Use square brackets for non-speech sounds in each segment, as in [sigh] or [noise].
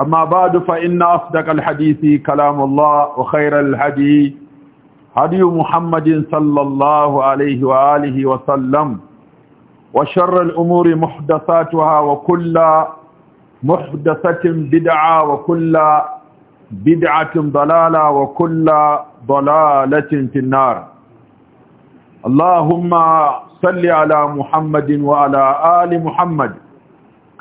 أما بعد فإن أصدق الحديث كلام الله وخير الهدي هدي محمد صلى الله عليه وآله وسلم وشر الأمور محدثاتها وكل محدثة بدعة وكل بدعة ضلالة وكل ضلالة في النار اللهم صل على محمد وعلى آل محمد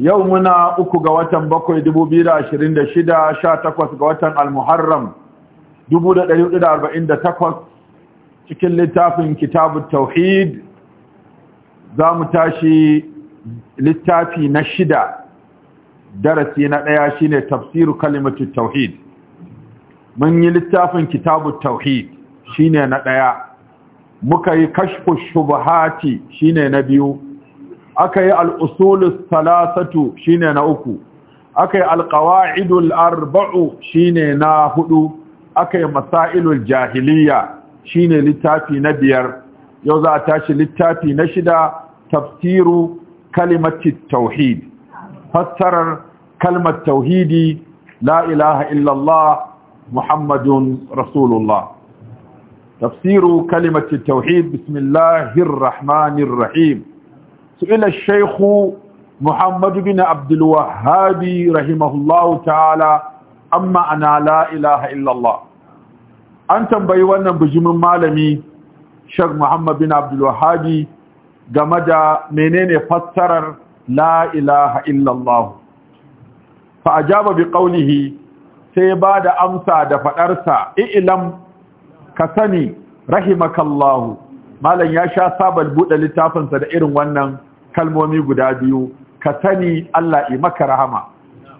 yau muna uku ga watan bakwai dubu biyu da ashirin da shida sha takwas ga watan almuharram dubu da ɗari hudu da arba'in da takwas cikin littafin kitabu tauhid za mu tashi littafi na shida darasi na ɗaya shine tafsiru kalimatu tauhid mun yi littafin kitabu tauhid shine na ɗaya muka yi kashfu shubahati shine na biyu aka yi al'usulus talasatu shine na uku aka yi alƙawa'idul arba'u shine na hudu aka yi masailul jahiliya shine littafi na biyar yau za a tashi littafi na shida tafsiru kalimati tauhid fassarar kalmar tauhidi la ilaha illallah muhammadun rasulullah tafsiru kalimati tauhid bismillahir rahmanir سئل الشيخ محمد بن عبد الوهاب رحمه الله تعالى أما أنا لا إله إلا الله أنت بيوانا بجمع مالمي شيخ محمد بن عبد الوهاب جمد منين فسر لا إله إلا الله فأجاب بقوله سيباد أمسى دفأرسى إئلم كسني rahimakallahu malam ya sha sabal buɗe littafinsa da irin wannan kalmomi guda biyu ka sani Allah i maka rahama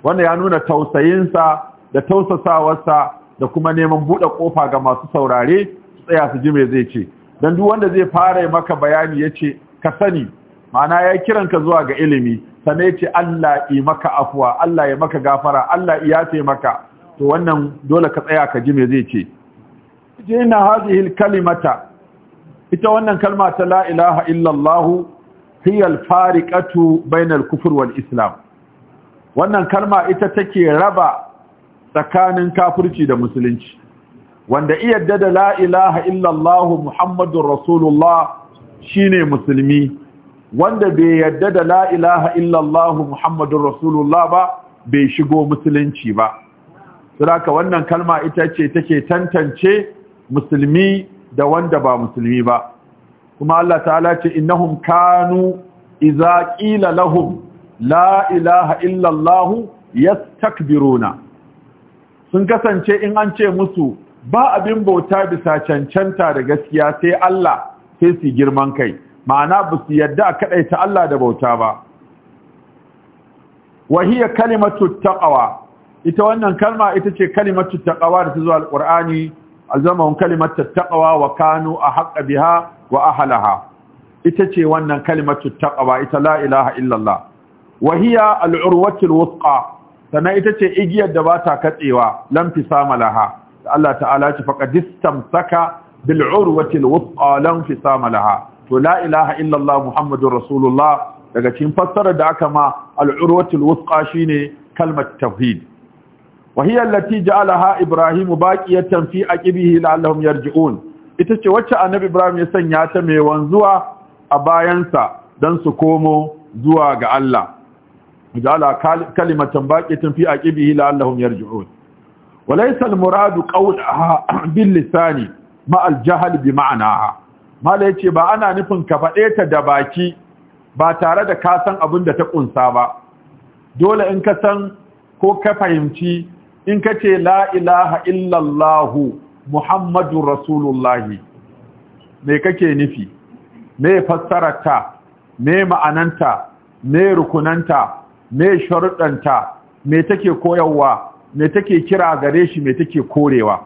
wanda ya nuna tausayinsa da tausasawarsa da kuma neman buɗe ƙofa ga masu saurare tsaya su ji me zai ce don duk wanda zai fara maka bayani ya ce ka sani ma'ana ya kiranka zuwa ga ilimi sannan Allah i maka afuwa Allah ya maka gafara Allah ya ce maka to wannan dole ka tsaya ka ji me zai ce jina hadhihi ita wannan kalma ta la ilaha illallah hiyal fariqatu bainal kufurwar islam wannan kalma ita take raba tsakanin kafirci da musulunci wanda iyadda da la ilaha illallah muhammadur rasulullah shine musulmi wanda bai yadda da la ilaha illallah muhammadur rasulullah ba bai shigo musulunci ba saboda wannan kalma ita ce take tantance musulmi da wanda ba musulmi ba kuma Allah ta'ala ce innahum kanu izaƙila qila lahum la ilaha illa Allah yastakbiruna sun kasance in an ce musu ba abin bauta bisa cancanta da gaskiya sai Allah sai su girman kai ma'ana ba su yadda a kadaita Allah da bauta ba wa hiya kalimatu taqwa ita wannan kalma ita ce kalimatu taqwa da ta zo alqur'ani alzamahum kalimatu taqwa wa kanu ahqqa biha wa ahlaha ita ce wannan kalimatu taqwa ita la ilaha illallah wa hiya al-urwatu sannan ita ce igiyar da ba ta katsewa lam fisama laha Allah ta'ala ce faqad istamsaka bil urwati lam fisama laha to la ilaha illa Allah muhammadur rasulullah daga cikin fassarar da aka ma al urwati shine kalmat tauhid وهي التي جعلها إبراهيم باقية في أقبه لعلهم يرجعون ita ce wacce annabi Ibrahim ya sanya ta mai wanzuwa a bayansa don su komo zuwa ga Allah. Jala kalimatan baƙitin fi aqibihi la'allahum yarji'un. Walaysa al-muradu qawluha bil lisani ma al bi ma'naha. Mala yace ba ana nufin ka faɗe ta da baki ba tare da ka san abin da ta kunsa ba. Dole in ka san ko ka fahimci in ka ce la ilaha illallahu Muhammadu rasulullahi me kake nufi me fassararta me ma'ananta me rukunanta me sharuɗanta me take koyarwa me take kira gare shi me take korewa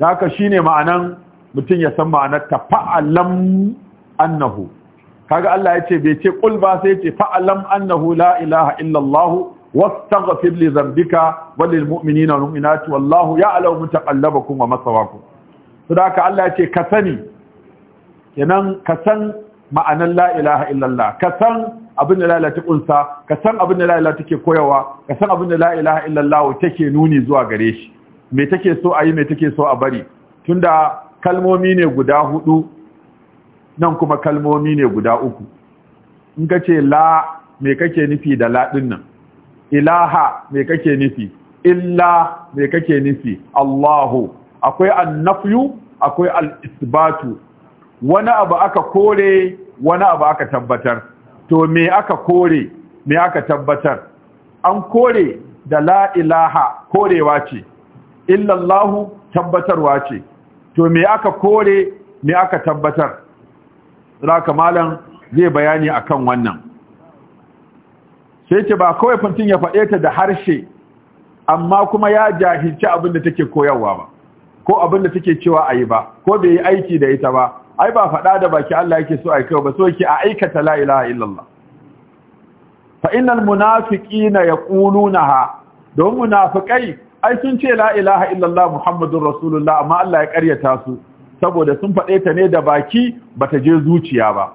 da haka ne ma'anan mutum ya san ma'anarta fa'alam annahu kaga Allah ya ce bai ce qul ba sai ce fa'alam annahu lailaha illallahu wastaghfir li dhanbika wal lil mu'minina wal mu'minati wallahu ya'lamu mutaqallabakum wa ce ka kenan kasan san ma'anan la ilaha illallah kasan abin da la ta kunsa kasan abin da la take koyawa kasan abin da la ilaha illallah take nuni zuwa gare shi me take so a yi me take so a bari tunda kalmomi ne guda hudu nan kuma kalmomi ne guda uku in ka ce la me kake nufi da la din nan ilaha me kake nufi illa me kake nufi Allahu akwai annafyu akwai alisbatu isbatu wani abu aka kore wani abu aka tabbatar to me aka kore me aka tabbatar an kore da la ilaha korewa ce illallahu tabbatarwa ce to me aka kore me aka tabbatar zaka malam zai bayani akan wannan sai ce ba kawai mutum ya faɗe ta da harshe amma kuma ya jahilci abin da take koyarwa ba ko abin da take cewa ayi ba ko bai yi aiki da ita ba ai ba faɗa da baki Allah yake so ai kawai ba so yake a aikata la ilaha illallah fa innal munafiqina yaqulunaha don munafikai ai sun ce la ilaha illallah muhammadur rasulullah amma Allah ya karyata su saboda sun faɗe ta ne da baki bata je zuciya ba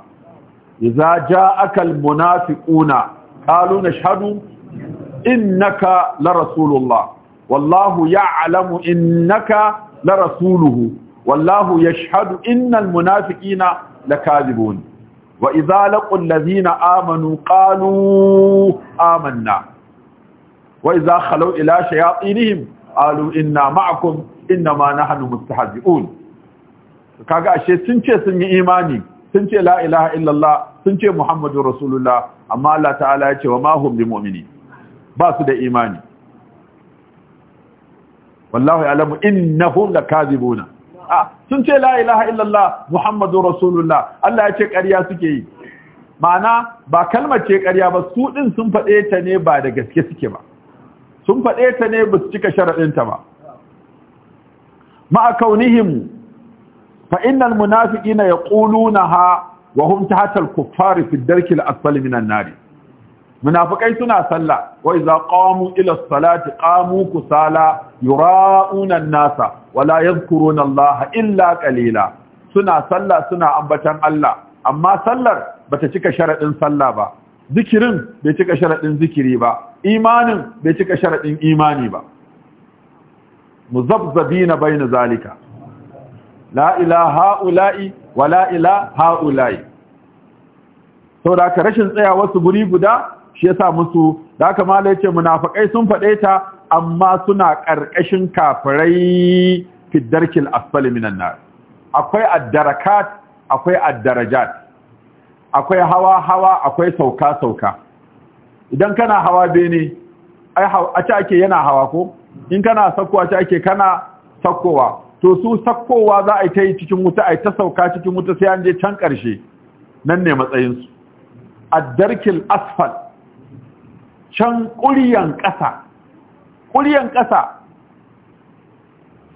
idza ja'akal munafiquna qalu nashhadu innaka la rasulullah wallahu ya'lamu innaka la rasuluhu wallahu yashhadu innal munafiqina lakadibun wa idza laqul ladhina amanu qalu amanna wa idza khalu ila shayatinihim qalu inna ma'akum inma nahnu mustahzi'un kaga ashe sun ce sun yi imani sun ce la ilaha illallah sun ce muhammadu rasulullah amma Allah ta'ala ya ce wa mahum bi mu'mini ba su da imani wallahu ya'lamu innahum lakazibuna ah sun ce la ilaha illallah muhammadu rasulullah Allah ya ce ƙarya suke yi ma'ana ba kalmar ce ƙarya ba su ɗin sun faɗe ta ne ba da gaske suke ba sun faɗe ta ne ba su cika sharaɗinta ba ma'a kaunihim Fa'innan innal munafiqina ya wa hum tahta al-kuffari fi ad-darki al-asfali min an-nar suna sallah wa idza qamu ila as-salati qamu kusala yura'una an-nasa wa la yadhkuruna Allah illa qalila suna sallah suna ambatan Allah amma sallar bata cika sharaɗin sallah ba zikirin bai cika sharaɗin zikiri ba imanin bai cika sharaɗin imani ba na bayna zalika la ila ha'ula'i wa la ila ha'ula'i da ka rashin tsayawa su guri guda shi yasa musu da ka mala yace munafakai sun faɗe ta amma suna ƙarƙashin kafirai fi darkil asfali minan nar akwai addarakat akwai addarajat akwai hawa hawa akwai sauka sauka idan kana hawa bene ai a ci ake yana hawa ko in kana sakkowa ci ake kana sakkowa to su sakkowa za a yi ta yi cikin wuta a yi ta sauka cikin wuta sai an je can ƙarshe nan ne matsayinsu A darkin asfal can ƙuryan ƙasa Ƙuryan ƙasa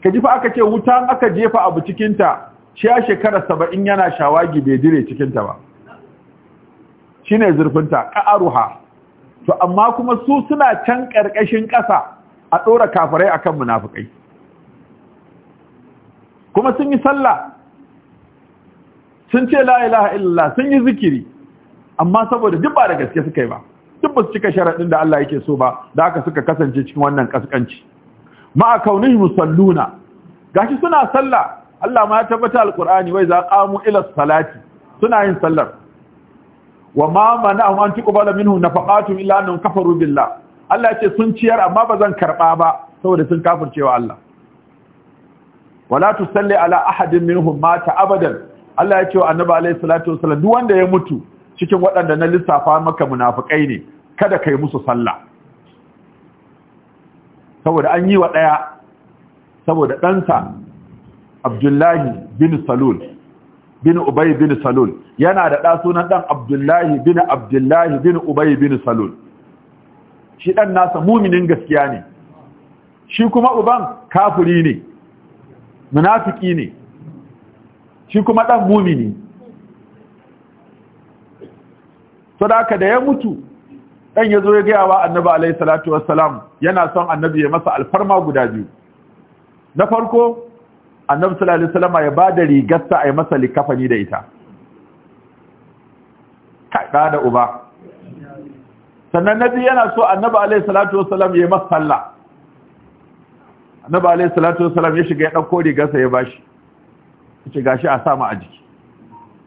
ka ji aka ce wuta aka jefa abu cikinta shi ya shekara saba'in yana shawagi bai dire cikinta ba shi ne zurfinta ƙa'aruha to amma kuma su suna can ƙarƙashin ƙasa a ɗora kafirai kan munafukai kuma sun yi sallah sun ce la laha illallah sun yi zikiri amma saboda duk da gaske suka yi ba duk ba su cika sharaɗin da Allah yake so ba da haka suka kasance cikin wannan kaskanci ma'a kaunin musalluna gashi suna sallah Allah ma ya tabbata Alƙur'ani wai za qamu ila salati suna yin sallar wa ma mana'ahum an tuqbala minhu nafaqatu illa annahum kafaru billah Allah ya ce sun ciyar amma bazan karɓa ba saboda sun kafircewa Allah wala tusalli ala ahadin minhum mata abadan Allah ya ce wa annabi alaihi salatu wasallam duk wanda ya mutu cikin waɗanda na lissafa maka munafikai ne kada kai musu sallah saboda an yi wa ɗaya saboda ɗansa abdullahi bin salul bin ubay bin salul yana da ɗa sunan ɗan abdullahi bin abdullahi bin ubay bin salul shi ɗan nasa muminin gaskiya ne shi kuma uban kafuri ne munafiki ne shi kuma dan mumini to da aka da ya mutu dan ya zo ya gaya wa annabi alayhi salatu wassalam yana son annabi ya masa alfarma guda biyu na farko annabi sallallahu alaihi wasallam ya bada rigarsa a masa likafani da ita ka da uba sannan nabi yana so annabi alayhi salatu wassalam ya masa sallah Na ba alaihi salatu wasalam ya shiga ya ɗauko rigarsa ya bashi shiga gashi a sa a jiki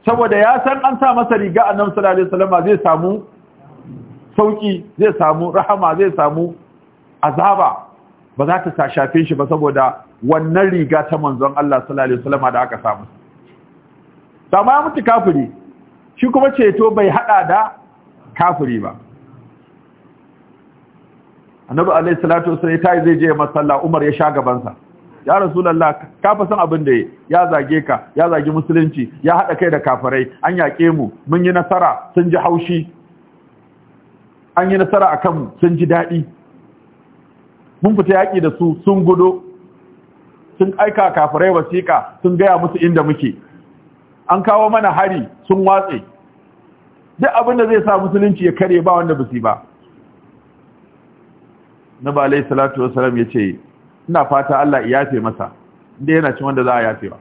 saboda ya san an sa masa riga annabi sallallahu alaihi wasallam zai samu sauki zai samu rahama zai samu azaba ba za ta shafe shi ba saboda wannan riga ta manzon Allah sallallahu alaihi da aka samu sama ya mutu kafiri shi kuma ceto bai haɗa da kafiri ba annabi alaihi salatu wasallam tayi zai je masalla Umar ya sha gaban sa ya rasulullah ka fa san abin da ya zage ka ya zage musulunci ya hada kai da kafirai an yake mu mun yi nasara sun ji haushi an yi nasara akan mu sun ji dadi mun fita yaki da su sun gudo sun aika kafirai wasika sun gaya musu inda muke an kawo mana hari sun watse duk abin da zai sa musulunci ya kare ba wanda bisi ba na ba alaihi salatu wasalam ya ce ina fata Allah ya yafe masa inda yana cin wanda za a ba.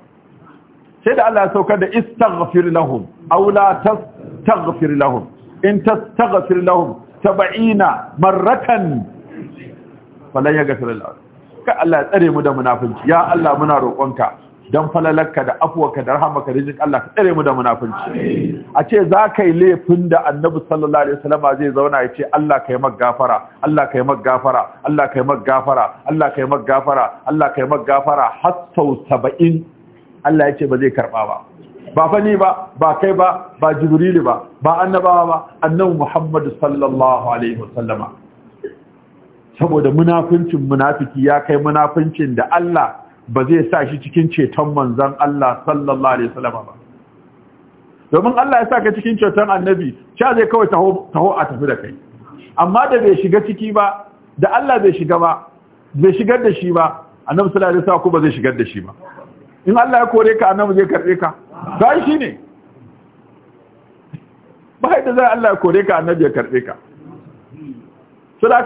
sai da Allah ya saukar da istaghfir lahum aw la tastaghfir lahum in tastaghfir lahum 70 marratan falan yaghfir lahum ka Allah ya tsare mu da munafinci ya Allah muna roƙonka don falalarka da afuwarka da rahamarka rijin Allah ka tsare mu da munafunci a ce za ka yi laifin da annabi sallallahu alaihi wasallama zai zauna ya ce Allah ka yi gafara Allah ka yi gafara Allah ka yi gafara Allah ka yi gafara Allah ka yi gafara har sau saba'in Allah ya ce ba zai karɓa ba ba fa ni ba ba kai ba ba jibrilu ba ba annabawa ba annabi muhammadu sallallahu alaihi wasallama saboda munafincin munafiki ya kai munafincin da Allah ba zai sa shi cikin ceton manzan Allah sallallahu alaihi wasallam ba domin Allah ya sa ka cikin ceton annabi sha zai kawai taho a tafi da kai amma da bai shiga ciki ba da Allah bai shiga ba bai shigar da shi ba annabi sallallahu alaihi wasallam ko ba zai shigar da shi ba in Allah ya kore ka annabi zai karɓe ka ba shi ne ba yadda zai Allah ya kore ka annabi ya karɓe ka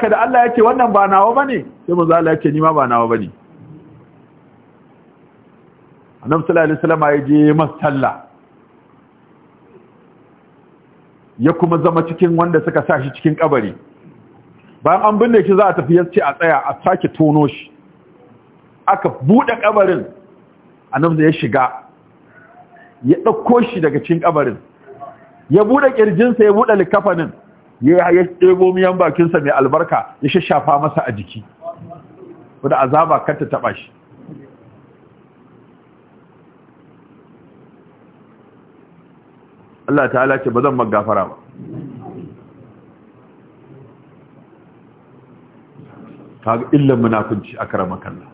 ka da Allah ce wannan ba nawa ba ne? sai za Allah yake ni ma ba nawa ba ne. annabi sallallahu alaihi wasallam ya je masalla ya kuma zama cikin wanda suka sa shi cikin kabari bayan an binne shi za a tafi yace a tsaya a sake tono shi aka bude kabarin annabi ya shiga ya dauko shi daga cikin kabarin ya bude kirjinsa ya bude likafanin ya ya ɗebo miyan bakinsa mai albarka ya shashafa masa a jiki wanda azaba kar ta taɓa shi Allah ta ce ba zan magafara ba kaga illan munafunci akrama kallah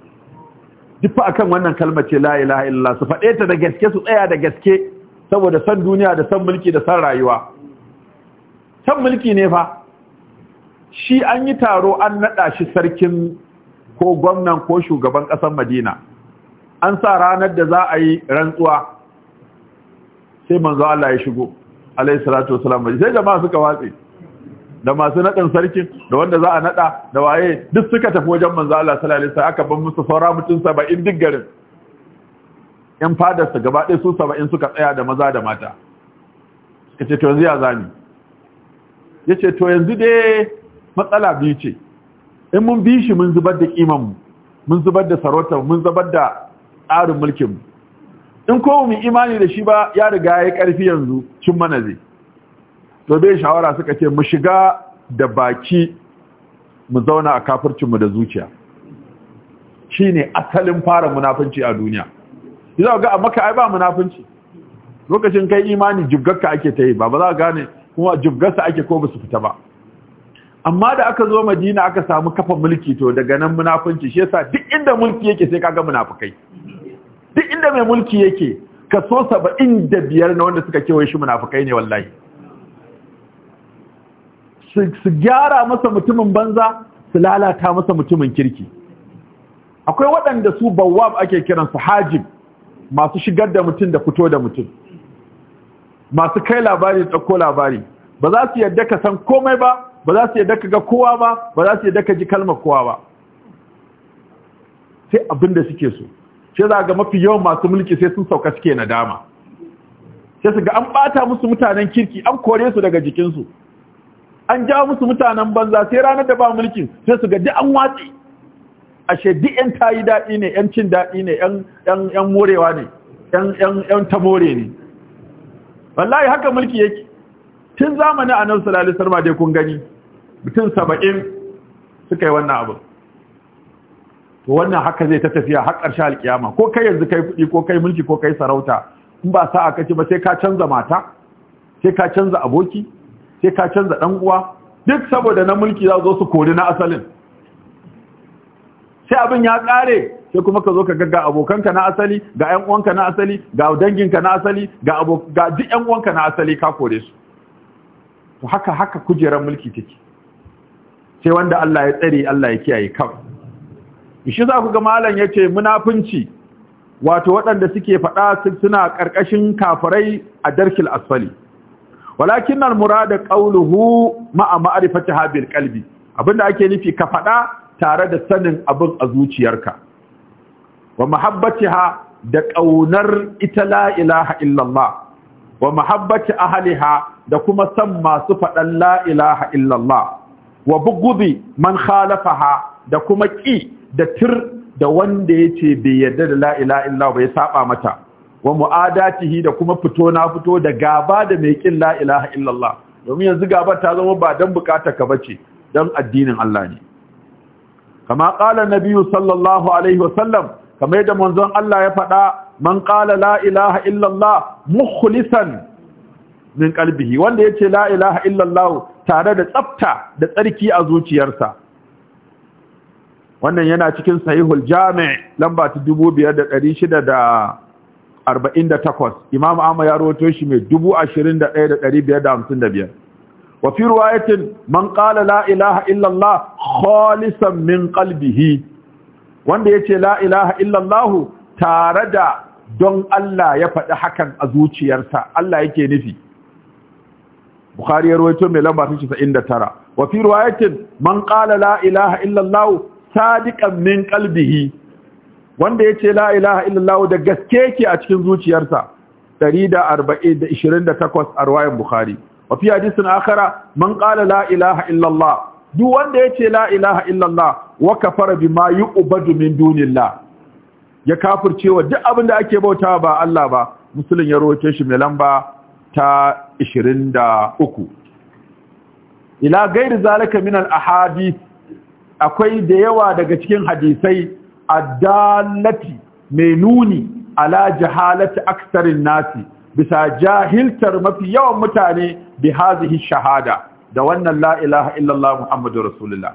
duk fa akan wannan kalmar ce la ilaha illallah su faɗe ta da gaske su tsaya da gaske saboda san duniya da san mulki da san rayuwa san mulki ne fa shi an yi taro an naɗa shi sarkin ko gwamnan ko shugaban ƙasar Madina an sa ranar da za a yi rantsuwa sai manzo Allah ya shigo alayhi salatu wasalam sai jama'a suka watsi da masu naɗin sarkin da wanda za a naɗa da waye duk suka tafi wajen manzo Allah sallallahu alaihi wasallam aka ban musu saura mutum 70 duk garin yan fadar su gaba ɗaya su 70 suka tsaya da maza da mata suka ce to yanzu ya zani yace to yanzu dai matsala biyu ce in mun bi shi mun zubar da kiman mu mun zubar da sarautar mun zubar da tsarin mulkin mu in ko mu imani da shi ba ya riga ya karfi yanzu cin mana zai to bai shawara suka ce mu shiga da baki mu zauna a kafircin mu da zuciya shine asalin fara munafunci a duniya yanzu ga a maka ai ba munafunci lokacin kai imani jibgarka ake ta yi ba ba za ka gane kuma jibgarsa ake ko ba fita ba amma da aka zo madina aka samu kafa mulki to daga nan munafunci shi yasa duk inda mulki yake sai kaga munafukai duk inda mai mulki yake kaso saba'in da biyar na wanda suka kewaye shi munafukai ne wallahi su gyara masa mutumin banza su lalata masa mutumin kirki akwai waɗanda su bawab ake kiransu hajib masu shigar da mutum da fito da mutum masu kai labari tsakko labari ba za su yadda ka san komai ba ba za su yadda ka ga kowa ba ba za su yadda ka ji kalmar kowa ba sai abin da suke so sai za ga mafi yawan masu mulki sai sun sauka suke nadama sai su ga an bata musu mutanen kirki an kore su daga jikinsu an ja musu mutanen banza sai ranar da ba mulki. sai su ga duk an watsi ashe duk yan tayi daɗi ne yan cin daɗi ne yan morewa ne yan tamore ne wallahi haka mulki yake tun zamanin annabi sallallahu alaihi wasallam dai kun gani mutum saba'in suka yi wannan abin to wannan haka zai ta tafiya har ƙarshen alkiyama ko kai yanzu kai kuɗi ko kai mulki ko kai sarauta in ba sa'a ka ci ba sai ka canza mata sai ka canza aboki sai ka canza dan uwa duk saboda na mulki za zo su kori na asalin sai abin ya ƙare sai kuma ka zo ka ga abokanka na asali ga ƴan uwanka na asali ga danginka na asali ga ga duk ƴan uwanka na asali ka kore su to haka haka kujerar mulki take sai wanda Allah ya tsare Allah ya kiyaye kawai shi za ku ga malam ya ce munafunci wato waɗanda suke faɗa suna ƙarƙashin kafirai a darkil asfali walakin nan murada ƙauluhu ma'a ma'arifata habil kalbi abinda ake nufi ka faɗa tare da sanin abin a zuciyarka wa ha da ƙaunar ita la ilaha illallah wa mahabbati ahliha da kuma san masu faɗan la ilaha illallah wa bugudi man khalafaha da kuma ƙi da tir da wanda ya ce bai yarda da la'ila illa ba ya saba mata wa mu'adatihi da kuma fito na fito da gaba da mai ƙin la'ilaha illallah domin yanzu gaba ta zama ba don bukatar ka bace don addinin Allah ne kama ƙala nabiyu sallallahu alaihi wasallam kama yadda manzon Allah ya faɗa man ƙala la'ilaha illallah mukhlisan min kalbihi wanda ya ce la'ilaha illallah tare da tsafta da tsarki a zuciyarsa wannan yana cikin sahihul jami' lamba ta takwas. imam ahmad ya rawaito shi mai 21555 wa fi riwayatin man qala la ilaha illa allah khalisan min qalbihi wanda yace la ilaha illa allah tare da don Allah ya faɗi hakan a zuciyarsa Allah yake nufi Bukhari ya rawaito mai lamba ta 99 wa fi riwayatin man qala la ilaha illa allah sadiqan min qalbihi wanda yace la ilaha illallah da gaske yake a cikin zuciyarsa 128 a riwayar bukhari wa fi hadisin akhara man qala la ilaha illallah duk wanda yace la ilaha illallah wa kafara bima yu'badu min dunillah ya kafircewa duk abin da ake bauta ba Allah ba musulun ya roke shi mai lamba ta 23 ila gairi zalika min al ahadith akwai da yawa daga cikin hadisai addalati mai nuni ala jahalati aksarin nasi bisa jahiltar mafi yawan mutane bi hazihi shahada da wannan la ilaha illallah muhammadu rasulullah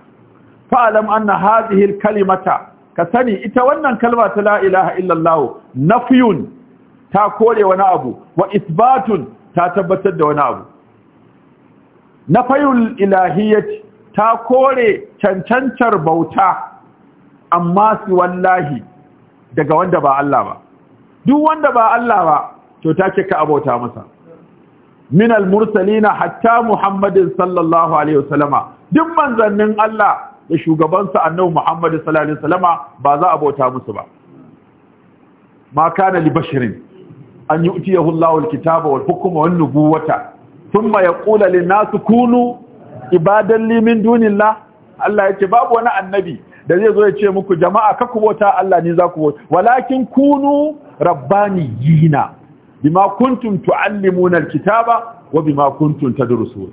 fa'alam anna hazihi kalimata ka sani ita wannan kalma ta la ilaha illallah nafyun ta kore wani abu wa isbatun ta tabbatar da wani abu nafayul ilahiyyati ta kore cancantar bauta amma su wallahi daga wanda ba Allah ba duk wanda ba Allah ba to ta ce ka abota masa min al-mursalina hatta muhammadin sallallahu alaihi wasallama duk manzannin Allah da shugabansa annabi Muhammad sallallahu alaihi wasallama ba za a bauta musu ba ma kana li basharin an yu'tiyahu Allahu al-kitaba wal hukma wan nubuwata thumma yaqulu lin-nas kunu ibadan limin duninla Allah ya ce babu wani annabi da zai zo ya ce muku jama'a ka ku Allah ni za ku bauta walakin kunu rabbaniyina bima kuntum tuallimuna alkitaba wa bima kuntum tadrusun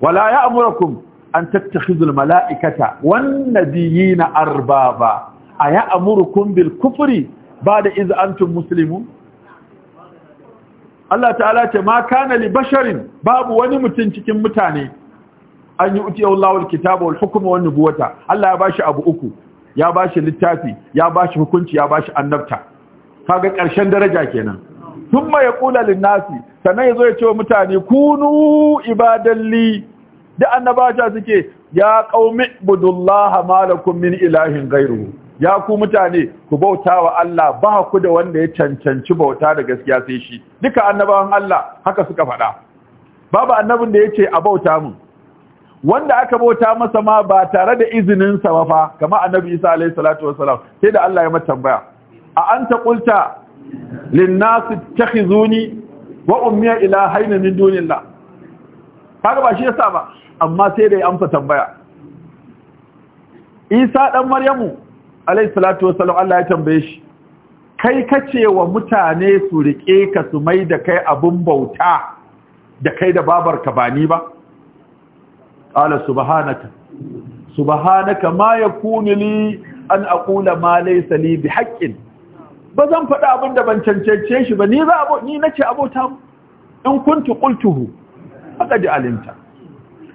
wala ya'murukum an tattakhidhu almala'ikata wan nabiyina arbaba aya'murukum bil kufuri ba'da iz antum muslimun Allah ta'ala ce ma kana li basharin babu wani mutum cikin mutane an yi utiya lawar kitabu wal hukuma nubuwata Allah ya bashi abu uku ya bashi littafi ya bashi hukunci ya bashi annabta kaga ƙarshen daraja kenan thumma yaqulu lin nasi sannan yazo ya ce wa mutane kunu ibadalli da annabata suke ya qaumi budullaha malakum min ilahin gairu. ya ku mutane ku bauta wa Allah ba ku da wanda ya cancanci bauta da gaskiya sai shi duka annabawan Allah haka suka faɗa babu annabin da ya ce a bauta mun wanda aka bauta masa ma ba tare da izinin sa ba fa kamar annabi Isa alayhi salatu salam, sai da Allah ya mata tambaya a anta qulta lin nas ittakhizuni wa ummi ilahaina min dunillah kaga ba shi yasa ba amma sai da ya amsa tambaya Isa dan Maryamu alayhi salatu salam Allah ya tambaye shi kai kace wa mutane su rike ka su mai da kai abun bauta da kai da babarka ba ni ba qala subhanaka subhanaka ma yakunu li an aqula ma laysa li bihaqqin bazan faɗa abin da ban cancance shi ba ni za abo ni nace abota in kuntu qultuhu faqad alimta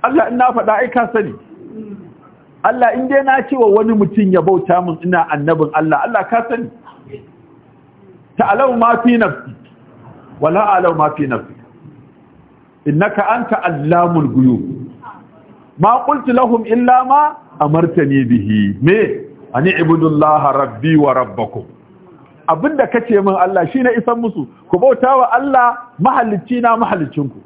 Allah in na faɗa ai ka sani Allah in dai na wani mutum ya bauta min ina annabin Allah Allah ka sani ta'lamu ma fi nafsi wala a'lamu ma fi ma lahum illa ma amartani bihi me ani ibudullaha rabbi wa rabbakum abinda ce min Allah shine isan musu ku bautawa Allah mahalicci na mahalicinku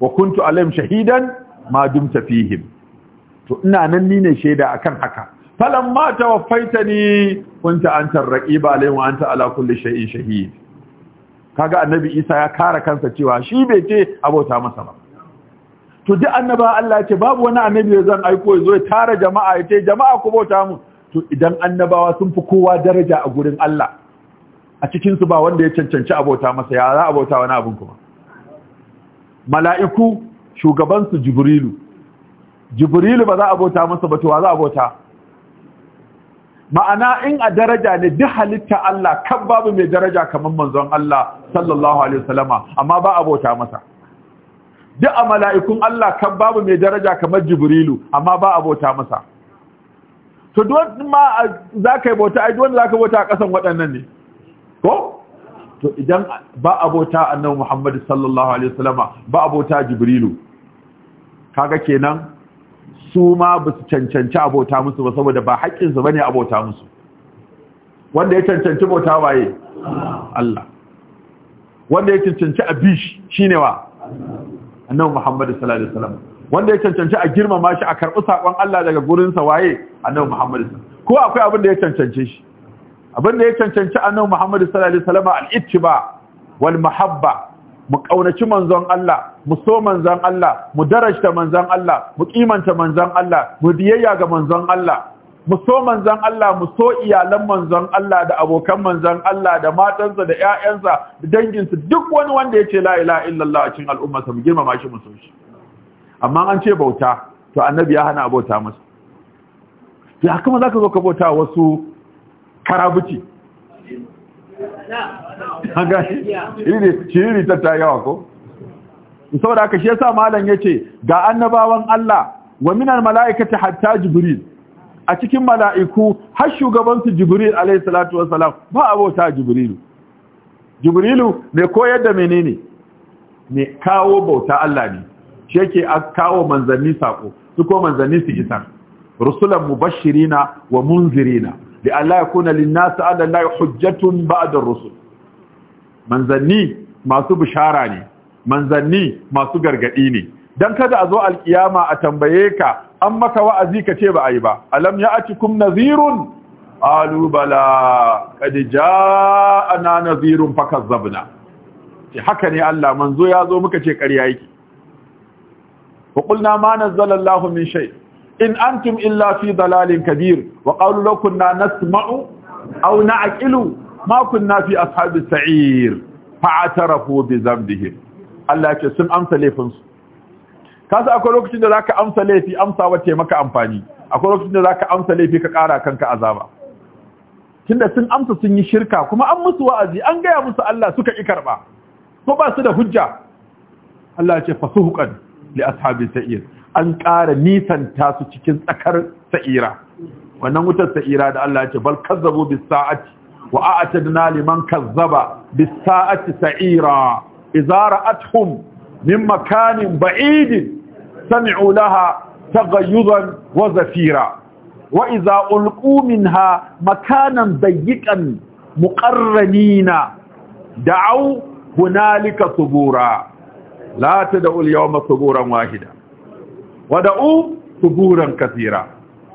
wa kuntu alaihim shahidan ma dumta fihim to ina nan ni ne shaida akan haka falamma tawaffaitani kunta anta raqiba alaihim wa anta ala kulli shay'in shahid kaga annabi Isa ya kara kansa cewa shi bai ce abota masa ba to duk annaba Allah ce babu wani annabi da zan aiko yazo ya tara jama'a ya ce jama'a ku bauta mu to idan annabawa sun fi kowa daraja a gurin Allah a cikin su ba wanda ya cancanci abota masa ya za abota wani abin kuma mala'iku shugaban su jibrilu jibrilu ba za a bauta masa ba to wa za a bauta ma'ana in a daraja ne duk halitta Allah kan babu mai daraja kamar manzon Allah sallallahu alaihi wasallama amma ba a bauta masa duk a mala'ikun Allah kan babu mai daraja kamar Jibrilu amma ba a bauta masa to duk ma za ka yi bauta ai duk za ka bauta a ƙasan waɗannan ne ko to idan ba a bauta annabi Muhammadu sallallahu alaihi wasallama ba a bauta Jibrilu kaga kenan su ma ba su cancanci a bauta musu ba saboda ba haƙƙinsu ba ne a bauta musu wanda ya cancanci bauta waye Allah wanda ya cancanci abish ne wa annabi Muhammad sallallahu alaihi wasallam wanda ya cancanci a girmama shi a karɓi sakon Allah daga gurin sa waye annabi Muhammad ko akwai abin da ya cancance shi abin da ya cancanci annabi Muhammad sallallahu alaihi wasallam al-ittiba wal mahabba mu kaunaci manzon Allah mu so manzon Allah mu darajta manzon Allah mu kimanta manzon Allah mu biyayya ga manzon Allah mu so manzon Allah mu so iyalan manzon Allah da abokan manzon Allah da matansa da ƴaƴansa da danginsa duk wani wanda yace la ilaha illallah a cikin al'ummarsa mu girmama shi mu so shi amma an ce bauta to annabi ya hana bauta masa to haka ma zaka zo ka bauta wasu karabuci shi ne ta ta yawa ko saboda haka shi yasa malam yace ga annabawan Allah wa minal mala'ikati hatta jibril a cikin mala'iku har shugabansu Jibril alayhi salatu ba abota Jibrilu Jibrilu ne koyar da menene Ne kawo bauta Allah ne shi yake kawo manzanni saƙo, su ko manzanni su isar rusulan wa munzirina da Allah ya kuna nasi 'ala Allah hujjatun ba da rusul manzanni masu bishara ne manzanni masu gargaɗi ne dan kada a zo alkiyama a tambaye ka an maka wa'azi ka ce ba a yi ba alam ya kum nazirun Alubala, bala qad ja'ana nazirun zabna. ce haka ne Allah manzo ya zo muka ce ƙarya yake wa qulna ma nazzalallahu min sha'i. in antum illa fi dalalin kabir wa qalu na kunna nasma'u aw na'qilu ma na fi ashabis sa'ir fa'atarafu bi dhanbihim Allah ya ce sun amsa laifinsu kasa akwai lokacin da zaka amsa laifi amsa wace maka amfani akwai lokacin da zaka amsa laifi ka kara kanka azaba tunda sun amsa sun yi shirka kuma an musu wa'azi an gaya musu Allah suka ki karba ko ba su da hujja Allah ya ce fasuhuqan li ashabi sa'ir an ƙara nisanta su cikin tsakar sa'ira wannan wutar sa'ira da Allah ya ce bal kazzabu bis sa'ati wa a'tadna liman kazzaba bis sa'ati sa'ira idza ra'atuhum min makanin ba'idin سمعوا لها تغيظا وزفيرا وإذا ألقوا منها مكانا ضيقا مقرنين دعوا هنالك ثبورا لا تدعوا اليوم ثبورا واحدا ودعوا ثبورا كثيرا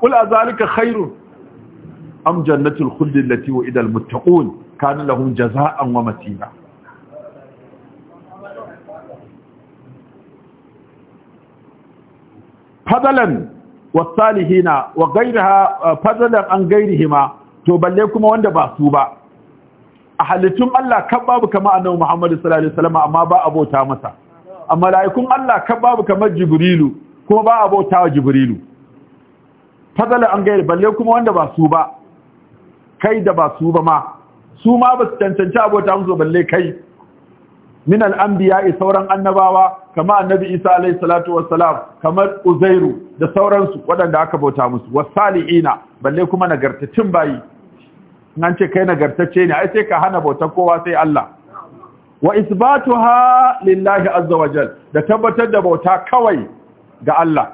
قل أذلك خير أم جنة الخلد التي وإذا المتقون كان لهم جزاء ومتينا fadalan wasalihina wa gairaha uh, fadalan an gairihima to balle kuma wanda ba su ba a halittun Allah kan babu kama annabi Muhammad sallallahu alaihi wasallam amma ba abota masa amma laikun Allah kan babu kama Jibrilu kuma ba abota wa Jibrilu fadalan an gairi balle kuma wanda ba su ba kai da ba su ba ma su ma ba su cancanci abota musu balle kai min al'ambiya sauran annabawa kama annabi isa alaihi salatu wassalam kamar uzairu da sauransu waɗanda aka bauta musu wasali'ina balle kuma nagartaccen bayi nan ce kai nagartacce ne ai sai ka hana bauta kowa sai Allah wa isbatu ha'lillahi azza wajal da tabbatar da bauta kawai ga Allah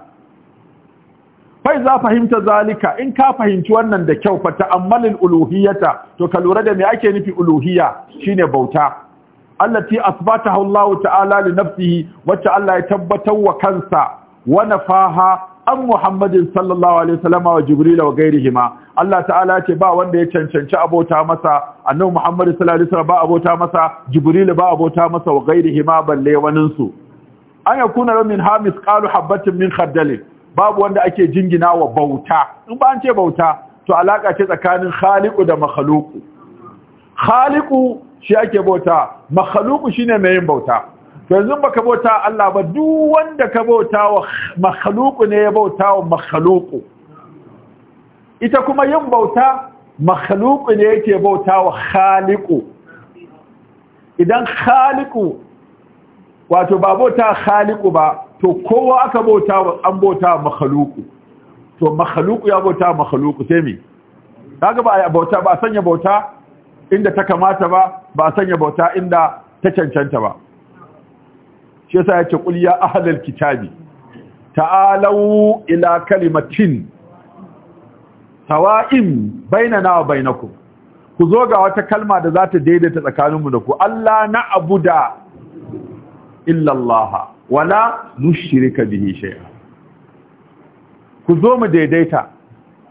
fai za fahimta zalika in ka fahimci wannan da kyau fa ta ta'ammalil uluhiyata to ka lura da me ake nufi uluhiyya shine bauta allati asbataha Allah ta'ala li nafsihi wacce Allah ya tabbatar wa kansa wa faha an Muhammadin sallallahu alaihi wasallam wa Jibril wa gairihima Allah ta'ala ce ba wanda ya cancanci abota masa annabi Muhammad sallallahu alaihi wasallam ba abota masa Jibril ba abota masa wa gairihima balle wanin su an yakuna min hamis qalu habatin min khardal babu wanda ake jingina wa bauta in ba an ce bauta to alaka ce tsakanin khaliqu da makhluqu khaliqu shi ake bauta makhluku shine mai yin bauta to yanzu baka bauta Allah ba duk wanda ka bauta wa makhluku ne ya bauta wa makhluku ita kuma yin bauta makhluku ne yake bauta wa khaliqu idan khaliqu wato ba bauta khaliqu ba to kowa aka bauta wa an bauta makhluku to makhluku ya bauta makhluku sai me kaga ba bauta ba sanya bauta inda ta kamata ba ba a sanya bauta inda ta cancanta ba shi yasa yake kulliya ya kitabi ta'alu ila kalimatin sawa'in bainana wa bainakum ku zo ga wata kalma da za ta daidaita tsakaninmu da ku Allah na abuda illallah wala nushrika bihi shay'a ku zo mu daidaita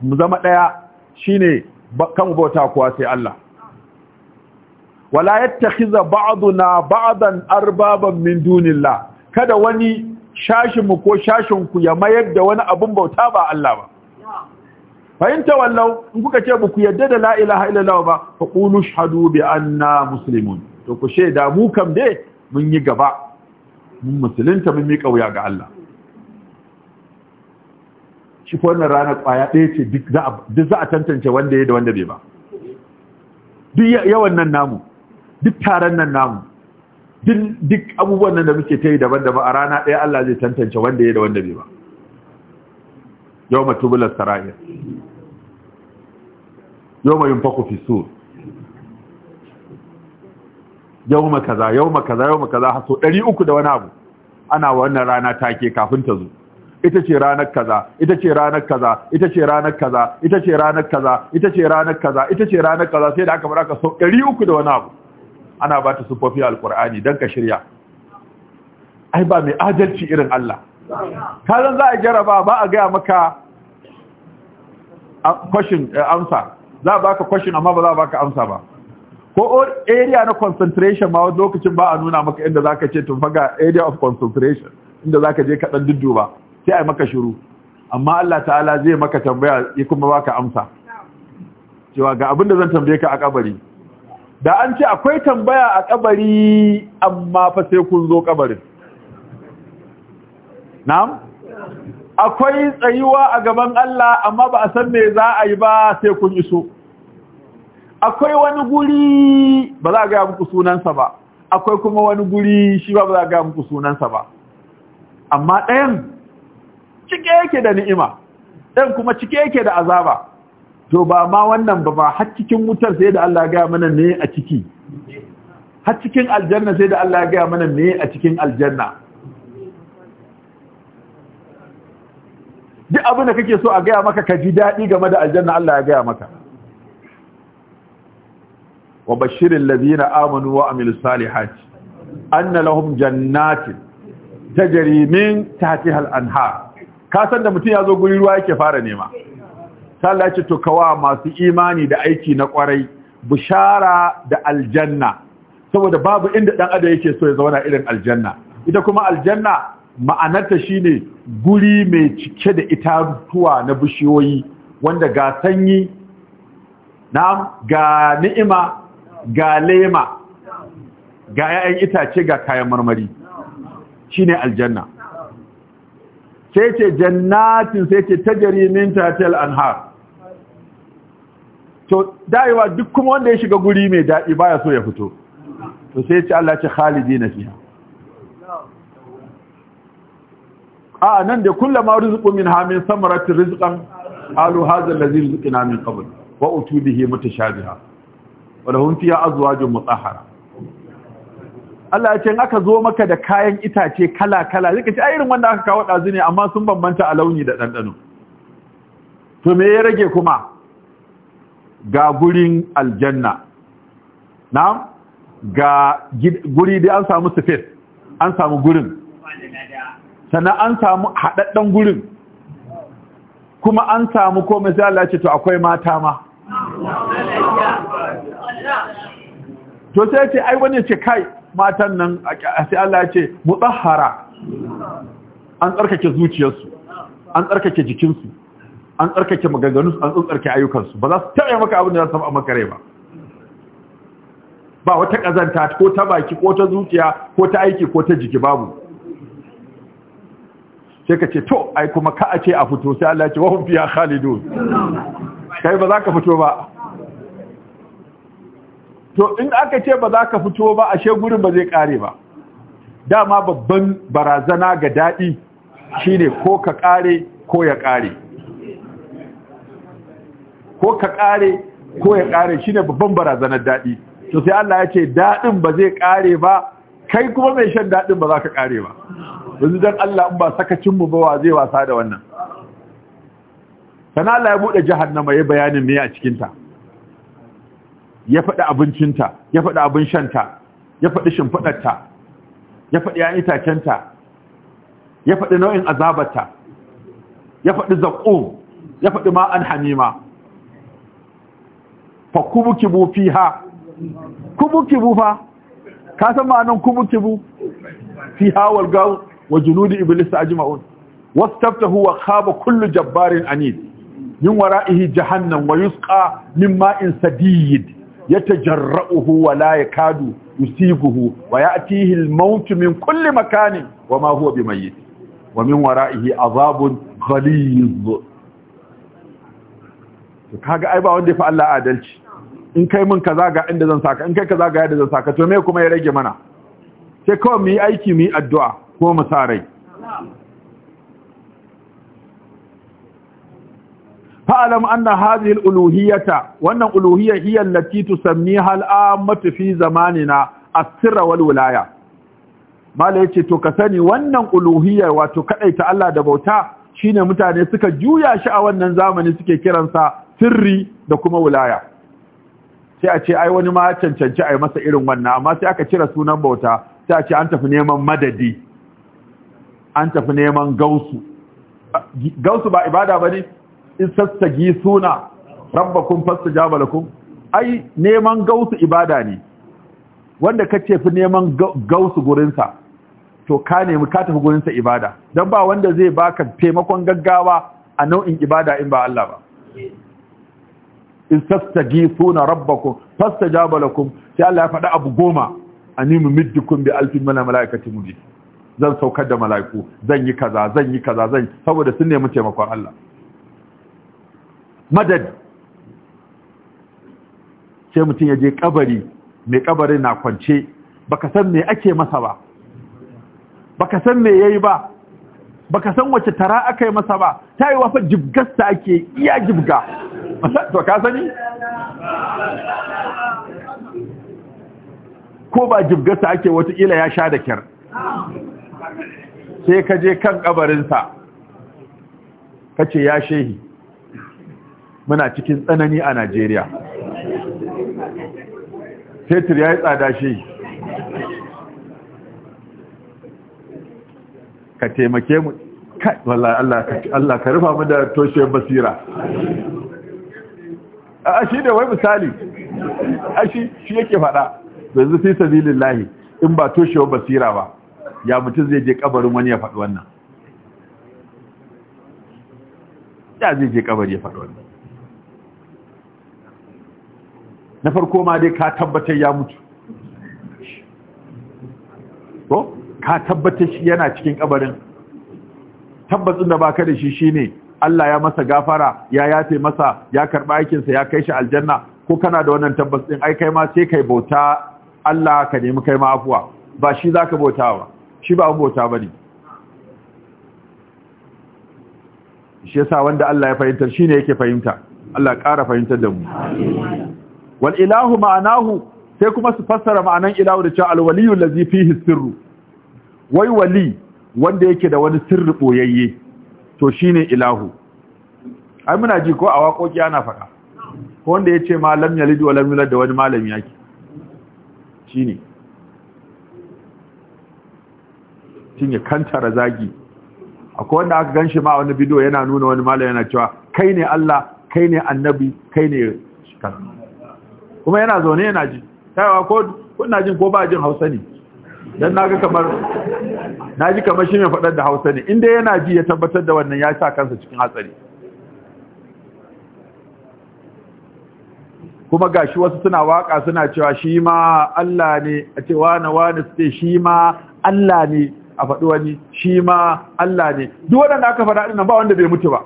mu zama daya shine kan bauta kuwa sai Allah wala yattakhiza ba'duna ba'dan arbaban min dunillah kada wani shashin mu ko shashin ku ya mayar da wani abun bauta ba Allah ba fahimta wallau in kuka ce ba ku yadda da la ilaha illallah ba fa qulu shahadu bi anna muslimun to ku da mu kam dai mun yi gaba mun musulunta mun miƙa wuya ga Allah shi ko wannan rana kwaya ɗaya ce duk za a tantance wanda ya da wanda bai ba duk yawan nan namu duk taron nan namu duk abubuwan nan da muke ta yi daban-daban a rana ɗaya Allah zai tantance wanda ya da wanda bai ba yau matubular sara'ir yau mai yunfa kufi fi so yau makaza yau makaza yau makaza haso 300 da wani abu ana wannan rana take kafin ta zo ita ce ranar kaza ita ce ranar kaza ita ce ranar kaza ita ce ranar kaza ita ce ranar kaza ita ce ranar kaza sai da aka bar aka so 300 da wani abu ana ba ta sufofi alkur'ani don ka shirya ai ba mai adalci irin Allah kazan za a jaraba ba a gaya maka kwashin eh, amsa za a baka kwashin amma ba za a baka amsa ba ko area na concentration ma wani lokacin ba a nuna maka inda za ka ce faga area of concentration inda za ka je kaɗan ba, sai a yi maka shiru amma Allah ta'ala zai maka tambaya ya kuma baka amsa cewa ga abinda zan tambaye ka a kabari da an ce akwai tambaya a kabari amma fa sai kun zo kabarin na'am akwai tsayuwa a gaban Allah amma ba a san me za a yi ba sai kun iso akwai wani guri ba za a gaya muku sunansa ba akwai kuma wani guri shi ba ba za a gaya muku sunansa ba amma ɗayan cike yake da ni'ima ɗayan kuma cike yake da azaba to ba ma wannan ba ba har cikin wutar sai da Allah ya gaya mana ne a ciki har cikin aljanna sai da Allah ya gaya mana ne a cikin aljanna duk abin da kake so a gaya maka ka ji daɗi game da aljanna Allah ya gaya maka wa bashirin lazina amanu wa amilu salihat anna lahum jannatin tajri min tahtiha al-anhar ka san da mutum ya zo guri ruwa yake fara nema ya ce to kawa masu imani da aiki na kwarai bushara da aljanna saboda babu inda dan adam yake so ya zauna irin aljanna ita kuma aljanna ma'anarta shine guri mai cike da itatuwa na bishiyoyi wanda ga sanyi na'am ga ni'ima ga lema ga 'ya'yan itace ga kayan marmari shine aljanna sai ce jannatin sai ce tajri min tatil anhar to daiwa duk kuma wanda ya shiga guri mai daɗi baya so ya fito to sai ce Allah ce khalidi na fiya a nan da ma rizqu min hamin samarat rizqan alu hadha allazi rizqina min qabl wa utubihi mutashabiha wa lahum fiha azwajun mutahhara Allah ya ce in aka zo maka da kayan itace kala-kala zaka ce irin wanda aka kawo ɗazu ne amma sun bambanta a launi da dandano to me ya rage kuma ga gurin aljanna na ga guri dai an samu space an samu gurin sannan an samu haɗaɗɗen gurin kuma an samu komai sai Allah ce to akwai mata ma to sai ce ai wani ce kai matan nan sai Allah ya ce mutahhara an tsarkake zuciyarsu an tsarkake jikinsu an tsarkake maganganunsu an tsarkake ayyukansu ba za su taɓa maka abin da za su taɓa maka rai ba ba wata ƙazanta ko ta baki ko ta zuciya ko ta aiki ko ta jiki babu sai ka ce to ai kuma ka a ce a fito sai Allah ce wahun fiya khalidun kai ba za ka fito ba to in aka ce ba za ka fito ba ashe gurin ba zai kare ba dama babban barazana ga daɗi shine ko ka kare ko ya kare ko ka ƙare ko ya ƙare shi ne babban barazanar daɗi to sai Allah ya ce daɗin ba zai ƙare ba kai kuma mai shan daɗin ba za ka ƙare ba yanzu don Allah in ba sakacinmu ba wa zai wasa da wannan sana Allah ya buɗe jahannama ya bayanin me a cikinta ya faɗi abincinta ya faɗi abin shanta ya faɗi shimfiɗarta ya faɗi ya itacenta ya faɗi nau'in azabarta ya faɗi zaƙo ya faɗi ma'an hamima fa kubukibu fiha kubukibu fa ka san ma'anan fi ha wal gaw wa junudi iblis ajma'un wastaftahu wa khaba kullu jabbarin anid min wara'ihi jahannam wa yusqa min ma'in sadid yatajarra'uhu wa la yakadu yusibuhu wa ya'tihi al-maut min kulli makanin wa ma huwa bimayyit wa min wara'ihi azabun ghalidh to kaga ai ba wanda ya fi Allah adalci in kai mun kaza ga inda zan saka in kai kaza ga yadda zan saka to me kuma ya rage mana sai kawai mu yi aiki mu yi addu'a ko mu sa rai alam anna hadhihi al wannan uluhiyya hiya allati tusammiha al-ammatu fi zamanina as-sirra wal wilaya mala yace to ka sani wannan uluhiyya wato kadaita Allah da bauta shine mutane suka juya shi a wannan zamani suke kiransa sirri da kuma wulaya. sai a ce ai wani ma cancanci a yi masa irin wannan amma sai aka cire sunan bauta sai a ce an tafi neman madadi an tafi neman gausu gausu ba ibada ba ne in sassagi suna rabbakun fasta jabalakun ai neman gausu ibada ne wanda ka ce fi neman gausu gurinsa to ka nemi ka tafi gurinsa ibada don ba wanda zai baka taimakon gaggawa a nau'in ibada in ba Allah ba in suna rabbakun fasta jabalakun sai Allah ya faɗi abu goma animu middukum bi alfin mana mala'ikacin mudi zan saukar da malaiku zan yi kaza zan yi kaza zan saboda sun nemi taimakon Allah madad sai mutum ya je kabari mai kabarin na kwance baka san me ake masa ba baka san me yi ba baka san wace tara aka yi masa ba ta yi wafa jibgasta ake iya jibga [laughs] to ka sani ko ba jibgasta ake watakila ya sha da kyar sai ka je kan kabarinsa ka ce ya shehi muna cikin tsanani a najeriya fetur ya yi tsada shehi ka taimake mu kai Allah ka rufa mu da toshe basira a shi da wai misali a shi shi yake fada yanzu fi sabilillahi in ba toshiyar basira ba ya mutum zai je kabarin wani ya faɗi wannan ya zai je kabari ya faɗi wannan na farko ma dai ka tabbatar ya mutu ko ka tabbatar shi yana cikin kabarin tabbatsin da baka da shi shine Allah ya masa gafara ya yafe masa ya karba aikin sa ya kai shi aljanna ko kana da wannan tabbas din ai kai ma sai kai bauta Allah ka nemi kai ma afuwa ba shi zaka bautawa shi ba bauta bane shi yasa wanda Allah ya fahimtar shine yake fahimta Allah ƙara fahimtar da mu wal ilahu ma'anahu sai kuma su fassara ma'anan ilahu da cewa alwaliyul allazi fihi sirru wai wali wanda yake da wani sirri boyayye to shine ilahu ai muna ji ko a waƙoƙi ana faɗa ko wanda yace malam yalid wa lam yulad da wani malami yake shine ya kantara zagi akwai wanda aka ganshi ma wani bidiyo yana nuna wani malami yana cewa kai ne Allah kai ne annabi kai ne kuma yana zaune yana ji kaiwa ko kuna jin ko ba jin Hausa ne dan naga kamar naji kamar shi mai faɗar da Hausa ne inda yana ji ya tabbatar da wannan ya sa kansa cikin hatsari kuma gashi wasu suna waka suna cewa shi ma Allah ne a ce wani wani su ce shi ma Allah ne a faɗi wani shi ma Allah ne duk waɗanda aka faɗa ɗin ba wanda bai mutu ba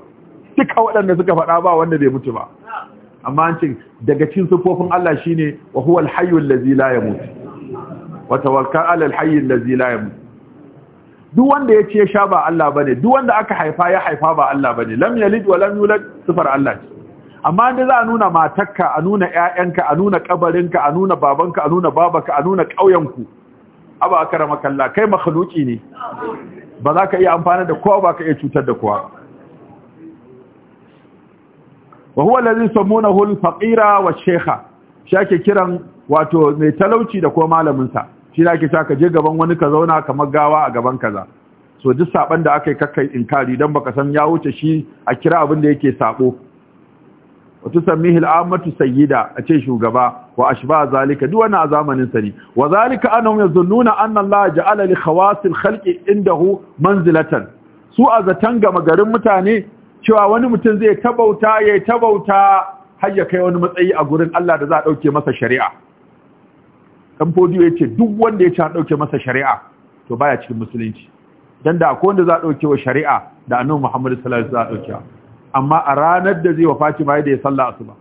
duka waɗanda suka faɗa ba wanda bai mutu ba amma an ce daga cikin sufofin Allah shine wa huwal hayyul ladzi la yamut wa tawakkal alal hayy da la yamut duk wanda ya ce sha ba Allah bane duk wanda aka haifa ya haifa ba Allah bane lam yalid wa lam yulad sifar Allah ce amma inda za a nuna matarka a nuna ƴaƴanka a nuna kabarinka a nuna babanka a nuna babanka a nuna ƙauyenku aba akramaka kalla kai makhluki ne ba za ka iya amfana da kowa ba ka iya cutar da kowa wa huwa allazi sammunahu al-faqira wa shaykha shake kiran wato mai talauci da kuma malamin sa shi na ake sa ka je gaban wani ka zauna kamar gawa a gaban kaza so duk saban da aka yi kakkai inkari dan baka san ya wuce shi a kira abin da yake sabo wato samihi al'amatu sayyida a ce shugaba wa ashba zalika duk wannan a zamanin sa ne wa zalika annahum yazunnuna anna Allah ja'ala li khawasil khalqi indahu manzilatan su a zatan gama garin mutane cewa wani mutum zai tabauta ya tabauta har ya kai wani matsayi a gurin Allah da za a dauke masa shari'a dan fodiyo yace duk wanda yace an dauke masa shari'a to baya cikin musulunci dan da akwai wanda za a dauke wa shari'a da annabi Muhammad sallallahu alaihi wasallam za a dauke amma a ranar da zai wafaci bai da ya salla asuba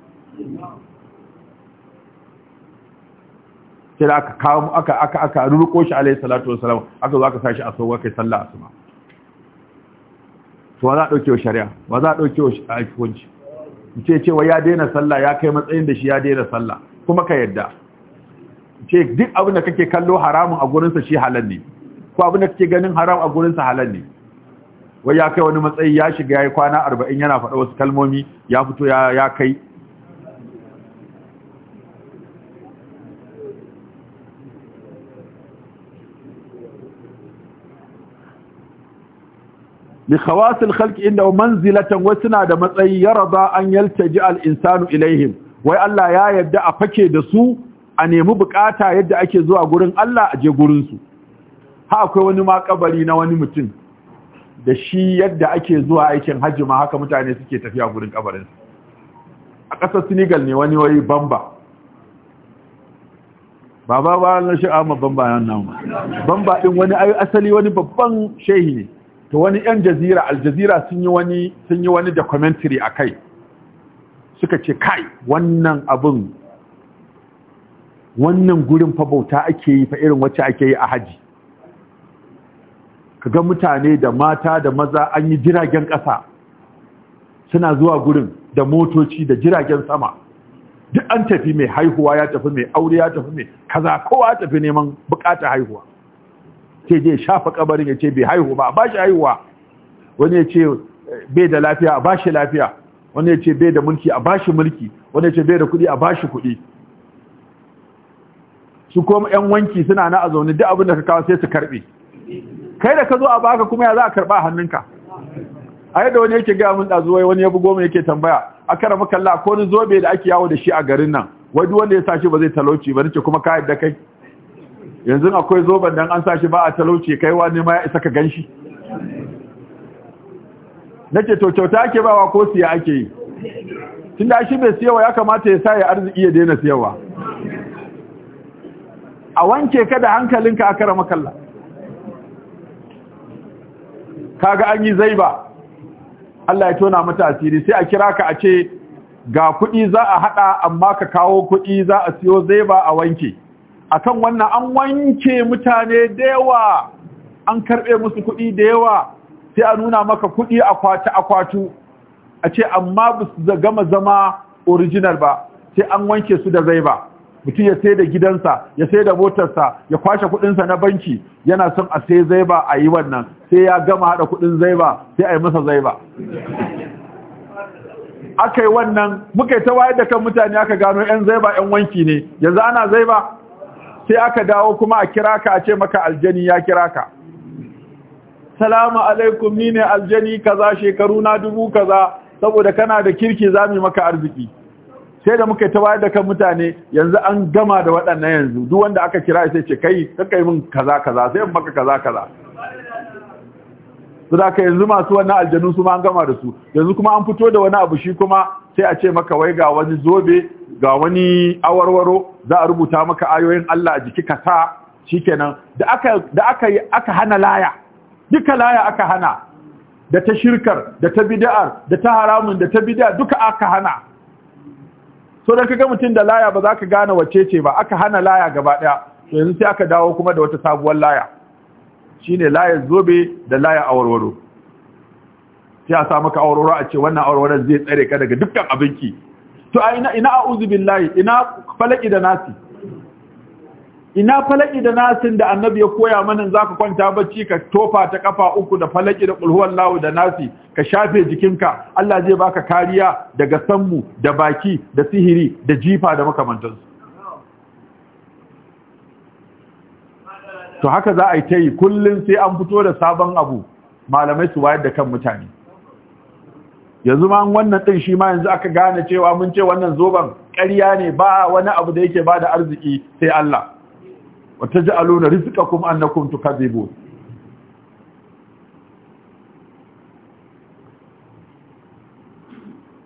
sai aka kawo aka aka aka ruko shi alaihi salatu wasallam aka zo aka sashi a sauwa kai salla asuba to za a dauke wa shari'a wa za a dauke wa hukunci ce cewa ya daina sallah ya kai matsayin da shi ya daina sallah kuma ka yadda ce duk abin da kake kallo haramun a gurinsa shi halal ne ko abin da kake ganin haram a gurinsa halal ne wai ya kai wani matsayi ya shiga ya yi kwana arba'in yana faɗa wasu kalmomi ya fito ya kai li al khalq inda manzilatan wa suna da matsayi yarda an yaltaji al insanu ilaihim wai Allah ya yadda a fake da su a nemi bukata yadda ake zuwa gurin Allah a je gurinsu ha akwai wani makabari na wani mutum da shi yadda ake zuwa aikin hajji ma haka mutane suke tafiya gurin kabarin a ƙasar senegal ne wani wai bamba Baba ba ba shi amma bamba yan nan bamba din wani ayi asali wani babban shehi ne to wani yan jazira aljazira sun yi wani sun yi wani documentary akai suka ce kai wannan abun. wannan gurin fa bauta ake yi fa irin wacce ake yi a haji kaga mutane da mata da maza an yi jiragen ƙasa suna zuwa gurin da motoci da jiragen sama duk an tafi mai haihuwa ya tafi mai aure ya tafi mai kaza kowa ya tafi neman bukata haihuwa ce je shafa kabarin ya ce bai haihu ba a bashi haihuwa wani ya ce eh, bai da lafiya a bashi lafiya wani ya ce bai da mulki a bashi mulki wani ya ce bai da kuɗi a bashi kuɗi su kuma yan wanki suna na a zaune duk abin da ka kawo sai su karbe kai da ka zo a baka kuma ya za a karba a hannunka a yadda wani yake gaya mun ɗazu wai wani ya bugo mu yake tambaya a kara makalla ko ni zobe da ake yawo da shi a garin nan wai duk wanda ya sa ba zai talauci ba nace kuma ka yadda kai yanzu akwai zoben dan an sa ba a talauci kai ne ma ya isa ka ganshi nake to kyauta ake bawa ko siya ake yi tunda shi bai siyawa ya kamata ya sa ya arziki ya daina siyawa a wanke ka da hankalinka a kara makalla kaga an yi zaiba Allah ya tona mata asiri sai a kira ka a ce ga kuɗi za a haɗa amma ka kawo kuɗi za a siyo zaiba a wanke akan wannan an wanke mutane da yawa an karɓe musu kuɗi da yawa sai a nuna maka kuɗi akwatu akwatu a ce amma ba su gama zama original ba sai an wanke su da zaiba mutum ya sai da gidansa ya sai da motarsa ya kwashe kuɗinsa na banki yana son a sai zaiba a yi wannan sai ya gama haɗa kuɗin zaiba sai a yi masa zaiba aka yi wannan muka yi ta wayar da kan mutane aka gano yan zaiba yan wanki ne yanzu ana zaiba sai aka dawo kuma a kira ka a ce maka aljani ya kira ka salamu alaikum ni ne aljani kaza shekaru na dubu kaza saboda kana da kirki za mu yi maka arziki sai da muka ta wayar da kan mutane yanzu an gama da waɗannan yanzu duk wanda aka kira sai ce kai ka kai min kaza kaza sai in maka kaza kaza su da yanzu masu wannan aljanu su ma an gama da su yanzu kuma an fito da wani abu shi kuma sai a ce maka wai ga wani zobe ga wani awarwaro za a rubuta maka ayoyin Allah a jiki ka sa shikenan da aka da aka yi aka hana laya duka laya aka hana da ta shirkar da ta bid'ar da ta haramun da ta bid'a duka aka hana so da kaga mutum da laya ba za ka gane wacce ce ba aka hana laya gaba daya to yanzu sai aka dawo kuma da wata sabuwar laya shine laya zobe da laya awarwaro sai a samu ka awarwaro a ce wannan awarwaron zai tsare ka daga dukkan abinki to a ina ina a'udhu billahi ina falaki da nasi ina falaki da nasin da annabi ya koya mana za ka kwanta bacci ka tofa ta kafa uku da falaki da kulhuwan lawo da nasi ka shafe jikinka Allah zai baka kariya daga sammu da baki da sihiri da jifa da makamantansu to haka za a yi ta yi kullum sai an fito da sabon abu malamai su wayar da kan mutane yanzu ma wannan din shi ma yanzu aka gane cewa mun ce wannan zoben. ƙarya ne ba wani abu da yake ba da arziki sai Allah wa taj'aluna rizqakum annakum tukadhibun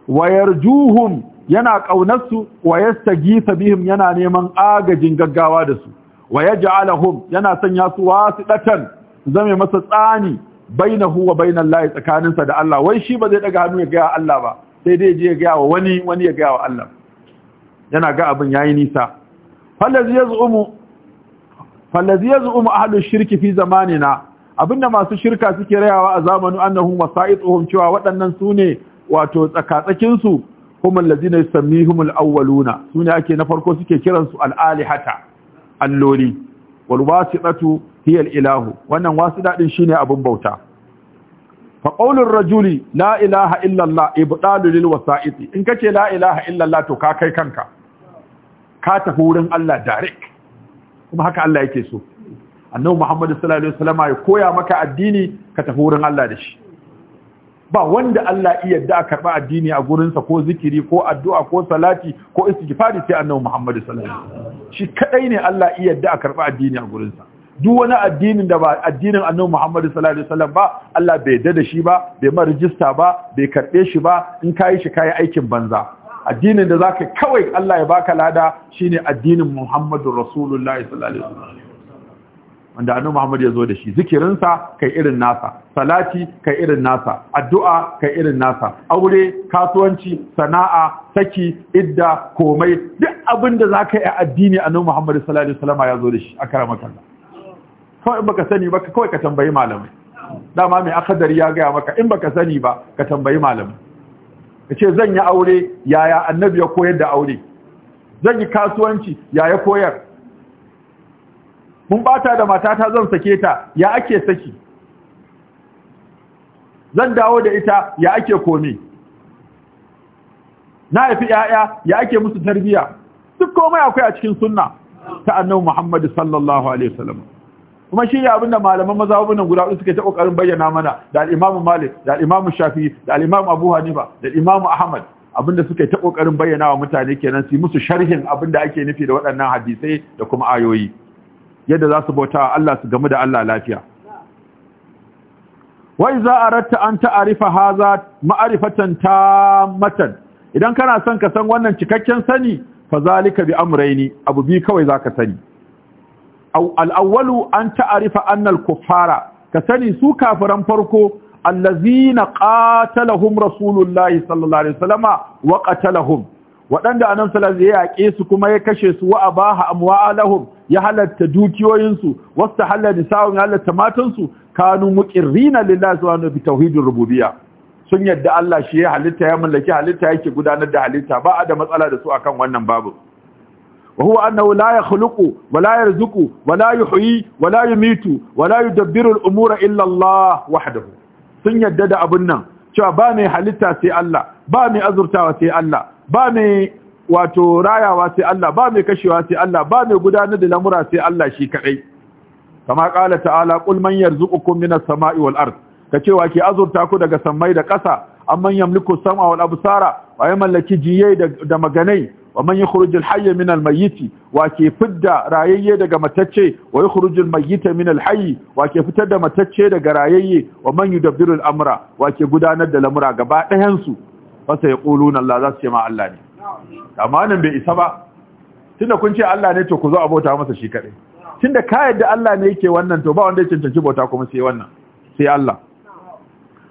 wa yarjuhum yana ƙaunarsu wa yastagitha bihim yana neman agajin gaggawa da su wa yaj'aluhum yana sanya su ɗatan zame masa tsani bainahu huwa bainal lahi tsakaninsa da Allah wai shi ba zai daga hannu ya ga Allah ba sai dai je ya ga wa wani wani ya gaya wa Allah yana ga abin yayi nisa falazi yaz'umu fallazi yaz'umu ahlu shirki fi zamanina abinda masu shirka suke rayawa a zamanin annahum wasaituhum cewa waɗannan sune wato tsakatsakin su hum allazina yusammihum alawwaluna sune ake na farko suke kiran su alalihata alloli wal wasitatu hiya alilahu wannan wasida din shine abun bauta fa qaulur rajuli la ilaha illa allah ibdalu lil wasaiti in kace la ilaha illa allah to ka kai kanka ka tafi wurin Allah direct kuma haka Allah yake so annabi Muhammad sallallahu alaihi wasallam ya koya maka addini ka tafi wurin Allah da shi ba wanda Allah iya da karba addini a gurinsa ko zikiri ko addu'a ko salati ko istighfari sai annabi Muhammad sallallahu alaihi wasallam shi kadai ne Allah iya da karba addini a gurinsa duk wani addinin da ba addinin annabi Muhammad sallallahu alaihi wasallam ba Allah bai yadda da shi ba bai ma rijista ba bai karbe shi ba in kai shi kai aikin banza addinin da zaka kawai Allah ya baka lada shine addinin Muhammadu Rasulullahi sallallahu alaihi wasallam wanda annabi Muhammad ya zo da shi zikirinsa kai irin nasa salati kai irin nasa addu'a kai irin nasa aure kasuwanci sana'a saki idda komai duk abin da zaka yi addini annabi Muhammad sallallahu alaihi wasallam ya zo da shi akramaka kawai baka sani ba kawai ka tambayi malamai dama mai akadari ya gaya maka in baka sani ba ka tambayi malamai ce zan yi aure yaya annabi ya koyar da aure zan yi kasuwanci yaya koyar mun bata da matata zan sake ta ya ake saki zan dawo da ita ya ake komi na haifi ‘ya'ya ya ake musu tarbiya duk komai akwai a cikin sunna ta annabi Muhammadu sallallahu Alaihi wasallam kuma shi ne abinda malaman mazhabunan guda uku suke ta kokarin bayyana mana da al Malik da al Shafi, da al-Imam Abu Hanifa da al-Imam Ahmad abinda suka ta kokarin bayyana wa mutane kenan su musu sharhin abinda ake nufi da waɗannan hadisai da kuma ayoyi yadda za su bauta Allah su gamu da Allah lafiya wa iza aratta an haza hadha ma'rifatan tammatan idan kana son ka san wannan cikakken sani fa zalika bi amrayni abu bi kawai zaka sani al'awwalu an ta'arifa annal kuffara ka sani su kafiran farko allazina qatalahum rasulullahi sallallahu alaihi wasallama wa qatalahum waɗanda annabi sallallahu alaihi ya yake su kuma ya kashe su wa abaha amwalahum ya halatta dukiyoyinsu wasu halatta nisa'un ya halatta matansu kanu muqirrina lillahi subhanahu bi tauhidir rububiyya sun yadda Allah shi ya halitta ya mallaki halitta yake gudanar da halitta ba a da matsala da su akan wannan babu وهو أنه لا يخلق ولا يرزق ولا يحيي ولا يميت ولا يدبر الأمور إلا الله وحده sun yadda da abin nan cewa ba mai halitta sai Allah ba mai azurtawa sai Allah ba mai wato rayawa sai Allah ba mai kashewa sai Allah ba mai gudanar da lamura sai Allah shi kaɗai. kama kala ta'ala qul man yarzuqukum minas sama'i wal ka kace wa ke azurta ku daga sammai da ƙasa amman yamliku sam'a wal absara wa ya mallaki jiyai da maganai wa man yukhrijul hayya min al mayyit wa ke fidda rayayye daga matacce wa yukhrijul mayyita min al hayy wa ke fitar da matacce daga rayayye wa man yudabbiru al amra wa ke gudanar da lamura gaba ɗayan su fa sai yaquluna Allah za su ce ma Allah ne amma nan bai isa ba tunda kun ce Allah ne to ku zo abota masa shi kadai tunda ka yadda Allah ne yake wannan to ba wanda ya cancanci bauta kuma sai wannan sai Allah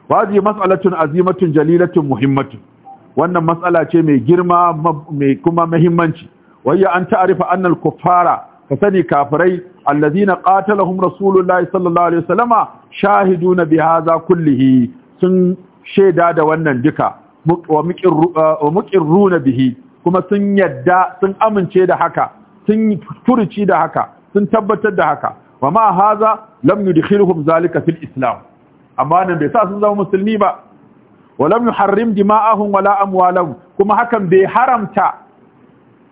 wa hadhihi mas'alatun azimatun jalilatun muhimmatun wannan matsala ce mai girma mai kuma mahimmanci wayya an ta'rifa annal kuffara ka sani kafirai allazina qatalahum rasulullahi sallallahu alaihi wasallama shahiduna bihaza kullihi sun sheda da wannan duka wa muqirruna bihi kuma sun yadda sun amince da haka sun furuci da haka sun tabbatar da haka wa ma haza lam yudkhiluhum zalika fil islam amma nan bai sa sun zama musulmi ba walam jima'a dima'ahum wala amwalahum kuma hakan bai haramta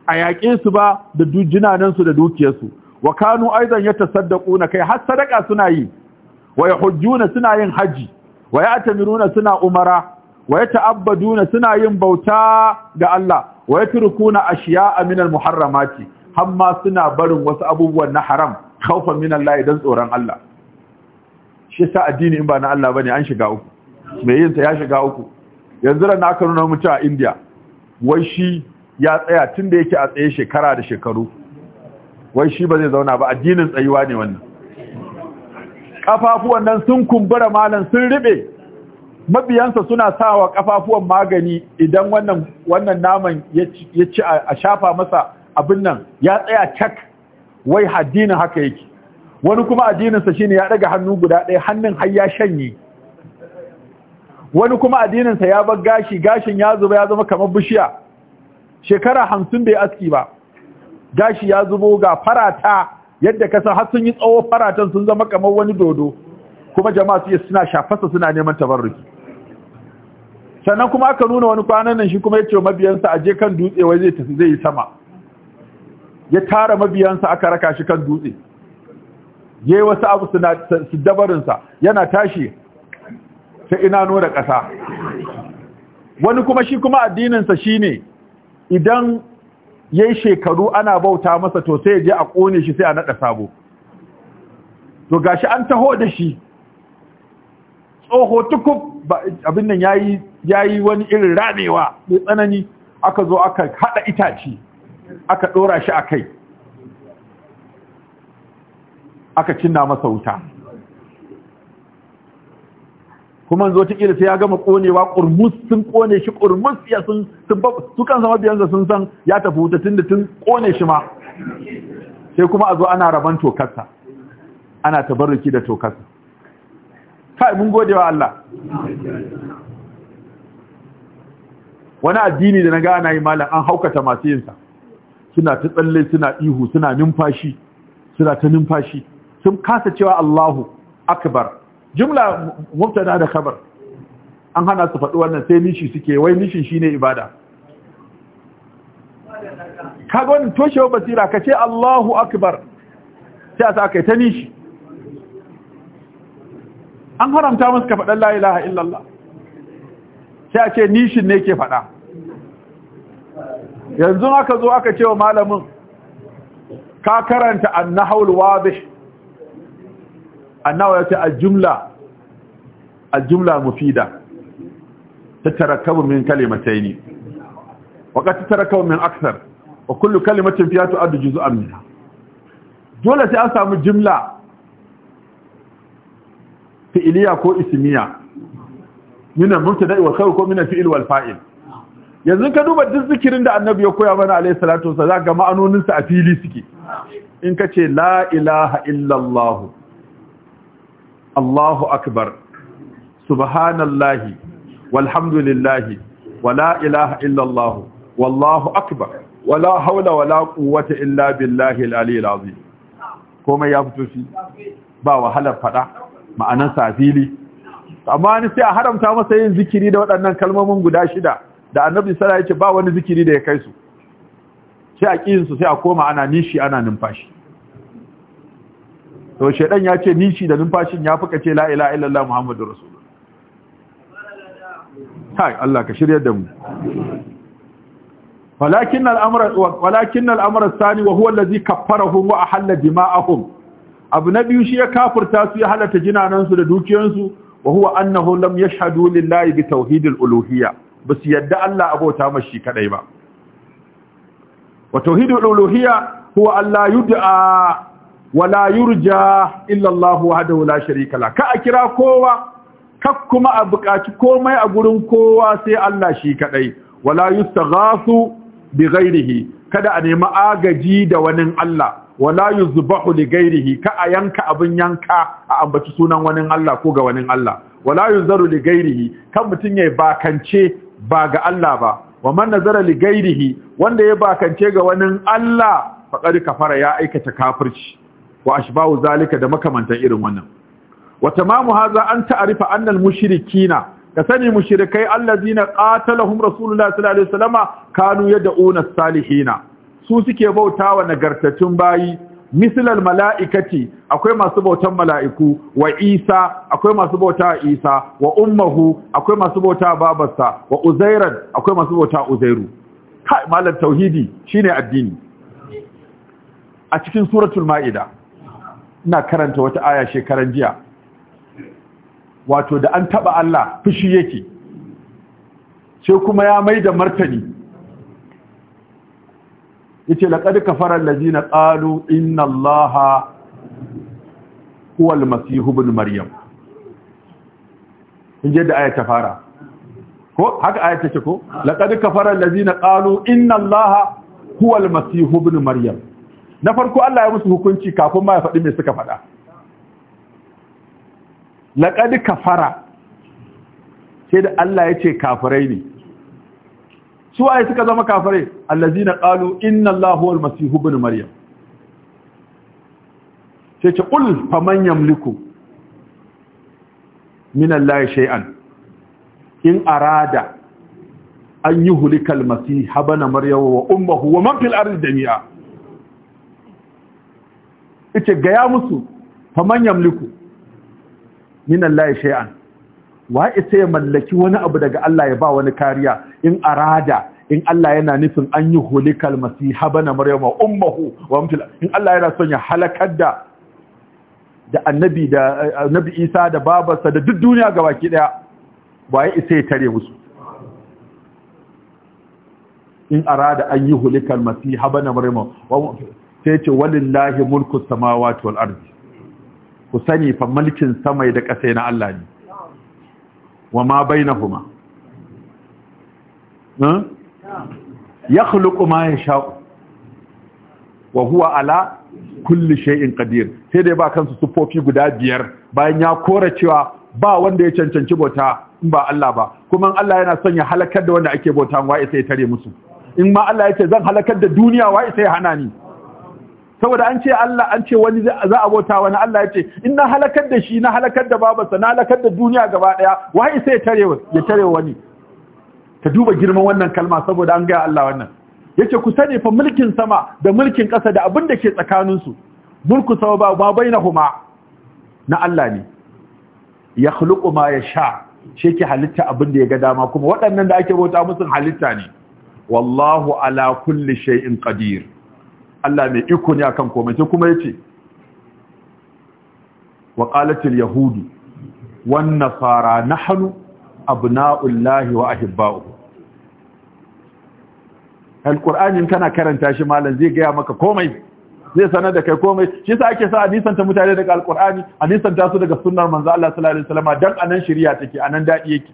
a su ba da dujinanan su da dukiyar su wa kanu aidan yatasaddaquna kai har sadaka suna yi wa yahujjuna suna yin haji wa ya'tamiruna suna umara wa yata'abbaduna suna yin bauta ga Allah wa yatrukuna ashiya'a min al-muharramati hamma suna barin wasu abubuwan na haram khaufan min Allah idan tsoron Allah shi sa addini in ba na Allah bane an shiga uku mai yin ta ya shiga uku yanzu da naka nuna mu a India wai shi ya tsaya tunda yake a tsaye shekara da shekaru wai shi ba zai zauna ba addinin tsayuwa ne wannan kafafuwan nan sun kumbura malam sun ribe mabiyansa suna sawa kafafuwan magani idan wannan wannan naman ya ci a shafa masa abin nan ya tsaya cak wai addinin haka yake wani kuma addininsa shine ya daga hannu guda ɗaya hannun har ya shanye wani kuma addininsa ya bar gashi gashin ya zuba ya zama kamar bishiya shekara hamsin bai aski ba gashi ya zubo ga farata yadda ka san har sun yi tsawo faratan sun zama kamar wani dodo kuma jama'a su suna shafasa suna neman tabarruki sannan kuma aka nuna wani kwanan nan shi kuma ya ce mabiyansa a je kan dutse wai zai tafi zai yi sama ya tara mabiyansa aka raka shi kan dutse ya wasu abu su dabarinsa yana tashi ta inano da ƙasa wani kuma shi kuma addininsa shi ne idan ya yi shekaru ana bauta masa to sai je a ƙone shi sai a naɗa sabo to ga shi an taho da shi tsoho tukub abin nan ya yi wani irin ranewa, mai tsanani aka zo aka haɗa itaci aka ɗora shi a kai aka cinna masa wuta kuma zo ta kila sai ya gama konewa kurmus sun kone shi kurmus ya sun su kan sama biyansa sun san ya tafi wuta tun da tun kone shi ma sai kuma a zo ana raban tokarsa ana tabarruki da tokarsa kai mun gode wa Allah wani addini da na ga ana yi malam an haukata masu yinsa suna ta tsalle suna ihu suna numfashi suna ta numfashi sun kasa cewa Allahu akbar jumla mubtada da khabar an hana su faɗi wannan sai nishi suke wai nishin shine ibada kaga wannan toshewa basira ka ce Allahu akbar sai a sa kai ta nishi an haramta musu ka faɗan la ilaha illallah sai a ce nishin ne ke faɗa yanzu aka zo aka ce wa malamin ka karanta annahul wadih annawa ya ce al-jumla al-jumla mufida tatarakabu min kalimataini wa ta tatarakabu min aksar, wa kullu kalimatin fiha tu'addu juz'an amina. dole sai an samu jimla fi'iliya ko ismiya min al-mubtada wa khabar ko min al-fi'il wal fa'il yanzu ka duba duk zikirin da annabi ya koya mana alayhi salatu wasallam ga ma'anoninsa a fili suke in ka ce la ilaha illallah Allahu akbar subhanallahi walhamdulillahi wala ilaha illallah wallahu akbar wala haula wala quwwata illa billahi al-aliyyil komai ya fito shi ba wahalar fada ma'anan safili fili. ni sai a haramta masa yin zikiri da waɗannan kalmomin guda shida da annabi sallallahu alaihi ce ba wani zikiri da ya kai su sai a kiyin su sai a koma ana nishi ana numfashi to shedan ya ce nishi da numfashin ya fuka ce la ilaha illallah muhammadur rasulullah hai Allah ka shirya da mu walakin al'amra walakin al'amra sani wa huwa allazi kaffarahum wa ahalla dima'ahum abu na biyu shi ya kafurta su ya halarta jinanansu da dukiyansu wa huwa annahu lam yashhadu lillahi bi tauhidil uluhiyya basu yadda Allah abota mashi kadai ba wa tauhidul uluhiyya huwa Allah a. wala yurja illa Allahu wahdahu la sharika la ka kira kowa kak kuma a buƙaci komai a gurin kowa sai Allah shi kadai wala yustaghasu bi ghairihi kada a nemi agaji da wani Allah wala yuzbahu li ghairihi ka a yanka abin yanka a ambaci sunan wani Allah ko ga wani Allah wala yuzaru li ghairihi kan mutun yayi bakance ba ga Allah ba wa man nazara li ghairihi wanda ya bakance ga wani Allah faqad kafara ya aikata kafirci wa ashbahu zalika da makamantan irin wannan wa tamamu hadha an ta'rifa anna al-mushrikina ka sani mushrikai allazina qatalahum rasulullah sallallahu alaihi wasallama kanu yad'una salihina su suke bautawa nagartattun bayi mislal mala'ikati akwai masu bautan mala'iku wa isa akwai masu bauta isa wa ummuhu akwai masu bauta babarsa wa uzairan akwai masu bauta uzairu kai malam tauhidi shine addini a cikin suratul ma'ida ina karanta wata aya shekaran jiya wato da an taba Allah fushi yake sai kuma ya mai da martani yace laqad kafara allazina qalu inna allaha huwa almasih ibn maryam inje da aya ta fara ko haka aya ta ce ko laqad kafara allazina qalu inna allaha huwa almasih ibn maryam na farko Allah ya musu hukunci kafin ma ya faɗi mai suka faɗa laƙadi kafara sai da Allah ya ce kafirai ne su waye suka zama kafirai allazi na ƙalu inna Allah huwal masihu bin maryam sai ce ƙul manyan liku. Minan Allah shay'an in arada an yi hulikal masiha bana maryam wa ummuhu wa man fil jami'a yace gaya musu fa man yamliku min Allah shay'an wa ita ya mallaki wani abu daga Allah ya ba wani kariya in arada in Allah yana nufin an yi hulikal masiha bana maryama ummuhu wa mutila in Allah yana son ya halakar da da annabi da annabi Isa da babarsa da duk duniya gabaki daya waye ita ya tare musu in arada an yi hulikal masiha bana maryama wa mutila sai ce walillahi mulku samawati wal ardi ku sani fa mulkin samai da ƙasa na Allah ne wa ma bainahuma hmm? yakhluqu ma yasha wa huwa ala kulli shay'in qadir sai dai ba kansu sufofi guda biyar bayan ya kora cewa ba wanda ya cancanci bauta in ba Allah ba kuma Allah yana son ya halakar da wanda ake bauta wa sai ya tare musu in ma Allah ya ce zan halakar da duniya wa sai ya hana ni saboda an ce Allah an ce wani za a bauta wani Allah ya ce in na halakar da shi na halakar da babarsa na halakar da duniya gaba daya wai sai ya tare wani ta duba girman wannan kalma saboda an gaya Allah wannan yace ku sani fa mulkin sama da mulkin ƙasa da abin da ke tsakanin su mulku sama ba ba bainahuma na Allah ne ya khluqu ma yasha shi halitta abin da ya ga dama kuma waɗannan da ake bauta musu halitta ne wallahu ala kulli shay'in qadir Allah mai iko ne akan komai sai kuma yace wa qalatil yahudu wan nasara nahnu abna'ullahi wa ahibba'uhu in kana karanta shi malam zai gaya maka komai zai sanar da kai komai shi sa ake sa a ta mutane daga alqur'ani a nisanta su daga sunnar manzo Allah sallallahu alaihi wasallam dan anan shari'a take anan dadi yake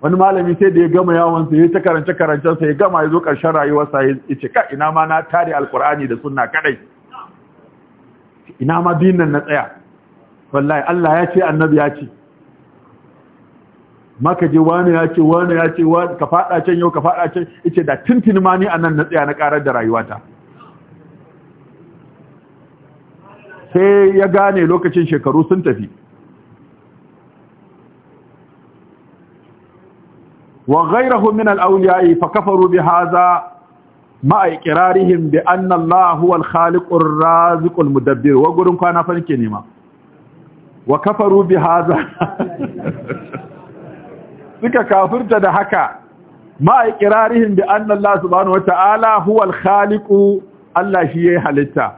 wani malami sai da ya gama yawon sa ya ta karance karancen sa ya gama ya zo karshen rayuwar sa ya ce ka ina ma na tare alqur'ani da sunna kadai ina ma din nan na tsaya wallahi Allah ya ce annabi ya ce maka je wani ya ce wani ya ce ka fada can yau ka fada can yace da tintin ma ni annan na tsaya na karar da rayuwata sai ya gane lokacin shekaru sun tafi wa ghayruhum min al-awliya fa kafaru bi hadha ma iqrarihim bi anna Allah huwa al-khaliq ar wa gurin kwana farke ne ma wa kafaru bi hadha [laughs] suka kafirta da haka ma iqrarihim bi anna Allah subhanahu wa ta'ala huwa Allah shi yayi halitta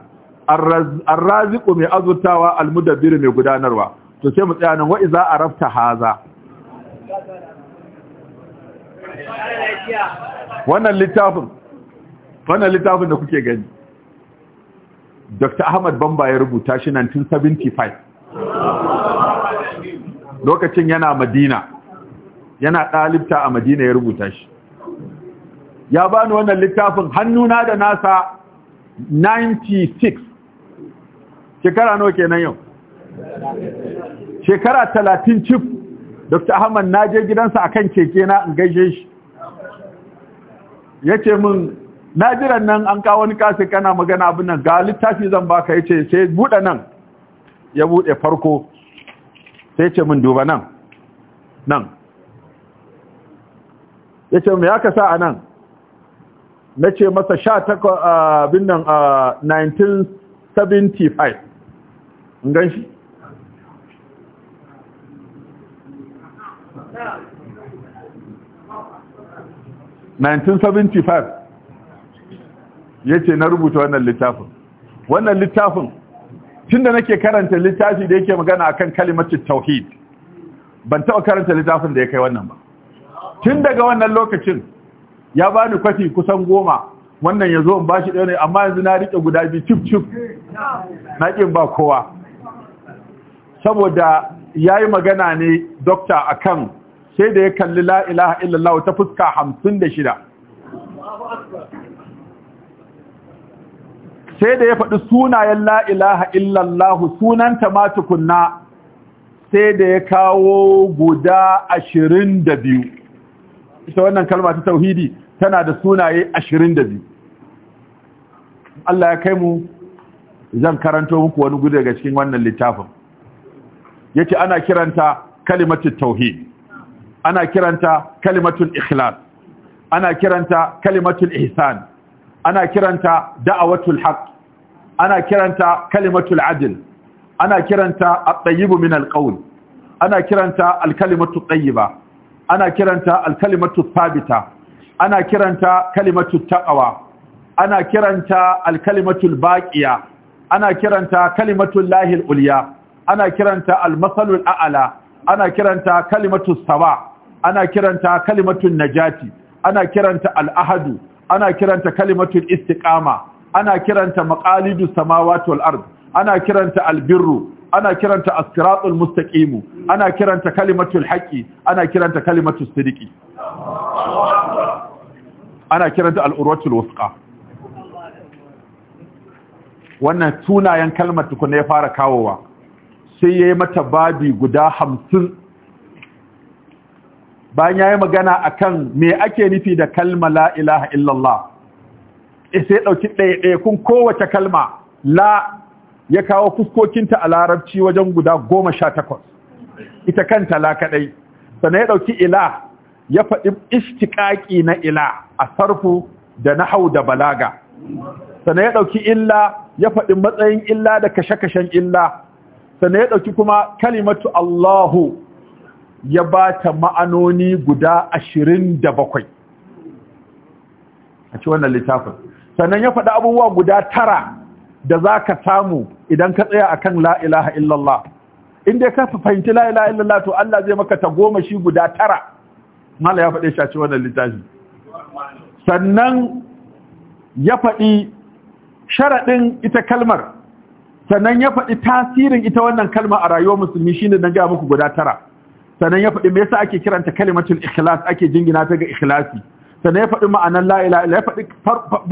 arraziku mai azurtawa almudabbir mai gudanarwa sosai mu tsaya nan wa haza wannan littafin wannan littafin da kuke gani Dr. Ahmad Bamba ya rubuta shi 1975 lokacin yana Madina yana ɗalibta a Madina ya rubuta shi ya bani wannan littafin hannuna da nasa 96 shekara nawa kenan yau shekara 30 cif Dr. Ahmad na je gidansa kan keke na in gaishe shi ce min na jiran nan an kawo wani kasi kana magana abin nan ga littafi zan baka yace sai buɗe nan ya buɗe farko sai ce min duba nan nan yace ya ka sa a nan na ce masa sha takwa abin nan 1975 in gan shi 1975 ya ce na rubuta wannan littafin wannan littafin tun da nake karanta littafi da yake magana akan kalimacin tauhid ban taɓa karanta littafin da ya kai wannan ba tun daga wannan lokacin ya ba ni kwafi kusan goma wannan ya zo in ba shi ɗaya ne amma yanzu na riƙe guda biyu cif cif na ƙin ba kowa saboda ya yi magana ne dokta akan sai da ya kalli la ilaha illallah ta fuska hamsin da shida sai da ya faɗi sunayen la ilaha illallah sunanta ma kunna sai da ya kawo guda ashirin da biyu ita wannan kalma ta tauhidi tana da sunaye ashirin da biyu Allah ya kai mu zan karanto muku wani gudu daga cikin wannan littafin yake ana kiranta kalimatul tauhid ana kiranta kalimatul ikhlas ana kiranta kalimatul ihsan ana kiranta da'awatul haqq ana kiranta kalimatul adl ana kiranta at-tayyib min al-qawl ana kiranta al-kalimatu tayyiba ana kiranta al-kalimatu thabita ana kiranta kalimatu taqwa ana kiranta al baƙiya, baqiya ana kiranta kalimatu lahi al-ulya ana kiranta al-masalul a'la ana kiranta kalimatu sawa ana kiranta kalimatun najati ana kiranta al'ahadu ana kiranta kalimatun istiqama ana kiranta maqalidu samawati wal ard ana kiranta albirru ana kiranta as-siratul mustaqim ana kiranta kalimatul haqqi ana kiranta kalimatus sidiqi ana kiranta al-urwatul wusqa wannan sunayen kalmar tukuna ya fara kawowa sai yayi mata babi guda hamsin bayan ya yi magana akan me ake nufi da kalma la ilaha illallah eh, sai ɗauki ɗaya ɗaya kun kowace kalma la ya kawo fuskokinta a larabci wajen guda goma sha takwas ita kanta la kaɗai sana ya ɗauki ila ya faɗi ishtiƙaƙi na ila a sarfu da na Hau da balaga sana ya ɗauki illa ya faɗi matsayin illa da kashe-kashen illa sana ya ɗauki kuma kalimatu Allahu ya ba ta ma'anoni guda ashirin da bakwai a ci wannan littafin sannan ya faɗi abubuwa guda tara da za ka samu idan ka tsaya akan kan ilaha illallah inda kafa fahimci la ilaha illallah to Allah zai maka ta goma shi guda tara mala ya faɗe shi a ci wannan littafi sannan ya faɗi sharaɗin ita kalmar sannan ya faɗi tasirin ita wannan kalmar a rayuwar musulmi shi ne na gaya muku guda tara sannan ya faɗi me yasa ake kiranta kalimatul ikhlas ake jingina ta ga ikhlasi sannan ya faɗi ma'anar la ilaha illa ya faɗi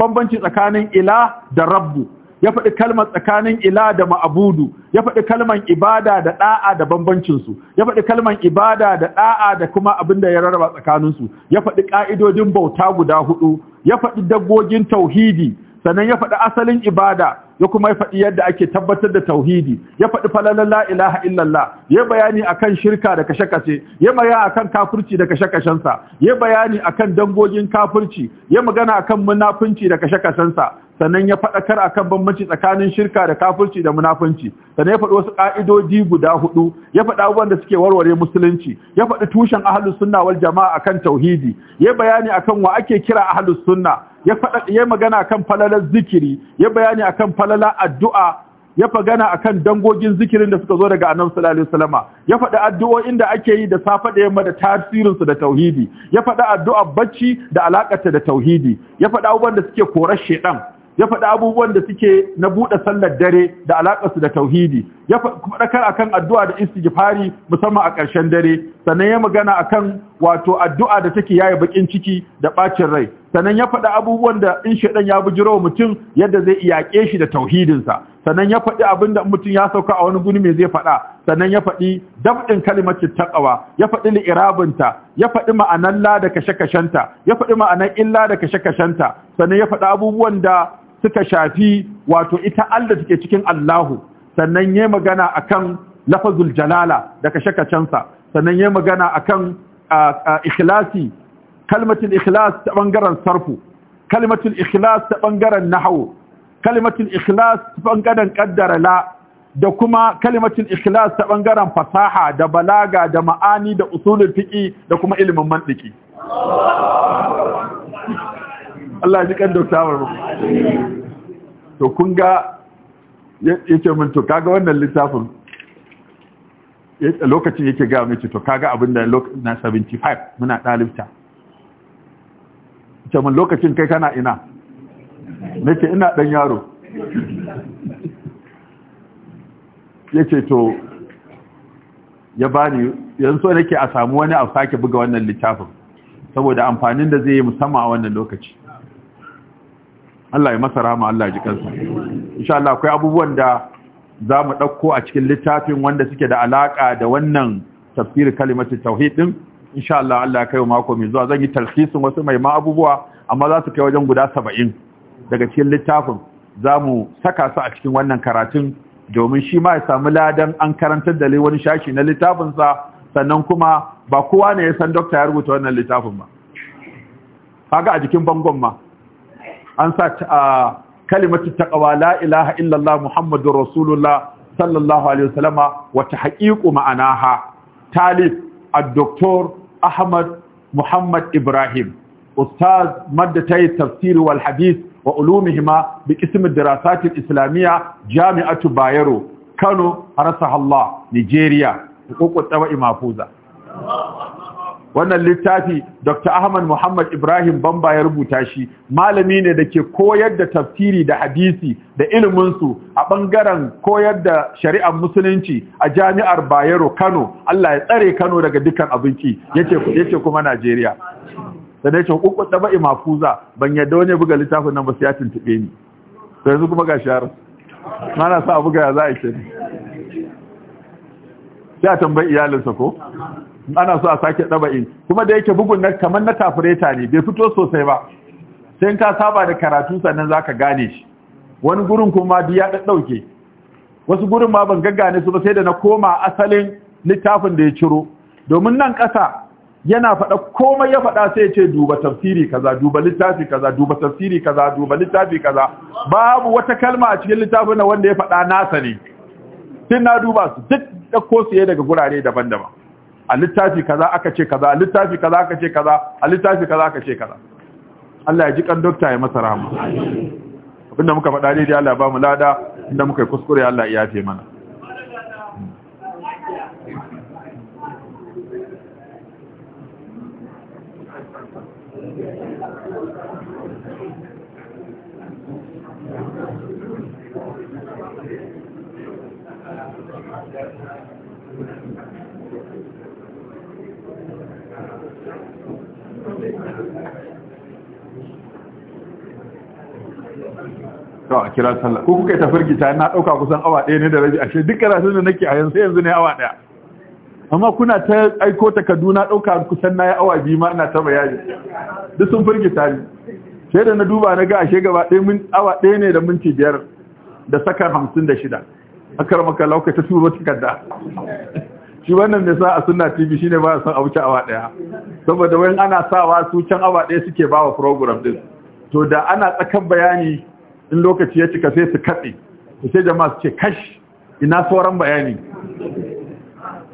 bambanci tsakanin ila da rabbu ya faɗi kalmar tsakanin ila da ma'abudu ya faɗi kalmar ibada da ɗa'a da bambancinsu ya faɗi kalmar ibada da ɗa'a da kuma abin da ya rarraba tsakaninsu ya faɗi ƙa'idodin bauta guda hudu ya faɗi dabbogin tauhidi sannan ya faɗi asalin ibada ya kuma ya faɗi yadda ake tabbatar da tauhidi ya faɗi falalar la ilaha illallah ya bayani akan shirka da kashe-kashe ya maya akan kafirci da kashe-kashensa ya bayani akan dangogin kafurci, ya magana akan munafunci da kashe-kashensa sannan ya faɗakar kan bambanci tsakanin shirka da kafirci da munafunci sannan ya faɗi wasu ƙa'idodi guda hudu ya faɗi abubuwan da suke warware musulunci ya faɗi tushen ahlus sunna wal jama'a akan tauhidi ya bayani akan wa ake kira ahlus sunna ya ya magana akan falalar zikiri ya bayani akan falalar addu'a ya fagana akan dangogin zikirin da suka zo daga annabi sallallahu alaihi wasallama ya faɗi addu'o'in da ake yi da safe da yamma da tasirin su da tauhidi ya faɗi addu'a bacci da alakata da tauhidi ya faɗi abubuwan da suke korar shedan ya faɗi abubuwan da suke na buɗe sallar dare da alaƙarsu da tauhidi ya faɗakar akan addu'a da istighfari musamman a ƙarshen dare sannan ya magana akan wato addu'a da take yayi bakin ciki da ɓacin rai sannan ya faɗi abubuwan da in shaɗan ya bujiro mutum yadda zai iyaƙe shi da tauhidinsa sannan ya faɗi abin da mutum ya sauka a wani guni mai zai faɗa sannan ya faɗi dabɗin kalimacin taqwa ya faɗi li'irabinta ya faɗi ma'anan la da kashe-kashenta ya faɗi ma'anan illa da kashe-kashenta sannan ya faɗi abubuwan da suka shafi wato ita Allah take cikin Allahu sannan yayi magana akan lafazul jalala da kashe-kashensa sannan yayi magana akan ikhlasi kalmatul ikhlas ta bangaren sarfu kalmatul ikhlas ta bangaren nahwu kalmatul ikhlas ta bangaren qaddara la da kuma kalmatul ikhlas ta bangaren fasaha da balaga da ma'ani da usulul fiqi da kuma ilimin mantiki Allah ji kan Dokta mu to kun ga yace min to kaga wannan littafin lokacin yake ga mace to kaga abin da na 75 muna dalibta ce min lokacin kai kana ina nake ina dan yaro yace to ya bani yanzu nake a samu wani a sake buga wannan littafin saboda amfanin da zai yi musamman a wannan lokaci Allah ya masa rahama Allah ya ji kansa insha Allah akwai abubuwan da za mu ɗauko a cikin littafin wanda suke da alaka da wannan tafsir kalimatu tauhid din insha Allah Allah ya kai mako mai zuwa zan yi talhisin wasu mai ma abubuwa amma za su kai wajen guda 70 daga cikin littafin za mu saka su a cikin wannan karatun domin shi ma ya samu ladan an karantar da wani shashi na littafin sa sannan kuma ba kowa ne ya san dokta ya rubuta wannan littafin ba kaga a jikin bangon ma an sa a kalimatu taqwa la ilaha illallah muhammadur rasulullah sallallahu alaihi wasallam wa tahqiqu ma'anaha talib al-doktor ahmad muhammad ibrahim ustaz maddatay tafsir wal hadith wa ulumihima bi qism ad islamiyya jami'atu bayero kano rasahallah nigeria ko ko tsawa imafuza Allah wannan littafi Dr. Ahmad Muhammad Ibrahim Bamba ya rubuta shi malami ne da ke koyar da tafsiri da hadisi da iliminsu a ɓangaren koyar da shari'ar musulunci a jami'ar Bayero Kano Allah ya tsare Kano daga dukkan abinci ce kuma Najeriya ce dai hukuku taba imafuza ban yadda wani buga littafin nan ba sai ya tuntuɓe ni sai su kuma ga shahar mana sa buga ya za a ce sai a tambayi iyalinsa ko ana so a sake in kuma da yake bugun nan kamar na tafureta ne bai fito sosai ba sai ka saba da karatu sannan za ka gane shi wani gurin kuma duk ya ɗauke wasu gurin ma ban gaggane su ba sai da na koma asalin littafin da ya ciro domin nan ƙasa yana faɗa komai ya faɗa sai ce duba tafsiri kaza duba littafi kaza duba tafsiri kaza duba littafi kaza babu wata kalma a cikin littafin na wanda ya faɗa nasa ne Sai na duba su duk ɗauko su daga gurare daban-daban a littafi kaza aka ce kaza a littafi kaza aka ce kaza a littafi kaza aka ce kaza Allah ya ji kan dokta ya masa rahama abinda muka faɗa daidai Allah ya ba mu lada inda muka yi kuskure Allah ya yafe mana to a kira sallah ko kuka ta firgita na ɗauka kusan awa ɗaya ne da rabi ashe duk karatun da nake a yanzu yanzu ne awa ɗaya amma kuna ta aiko ta Kaduna ɗauka kusan na yi awa biyu ma ina ta bayani duk sun firgita ni sai da na duba na ga ashe gaba ɗaya min awa ɗaya ne da minti biyar da sakar hamsin da shida akar maka lauka ta turo takarda shi wannan ne sa a sunna tv shine ba san a wuce awa ɗaya? saboda wayan ana sawa su can awa ɗaya suke ba wa program din to da ana tsakan bayani in lokaci ya cika sai su katse su sai jama'a su ce kash ina sauran bayani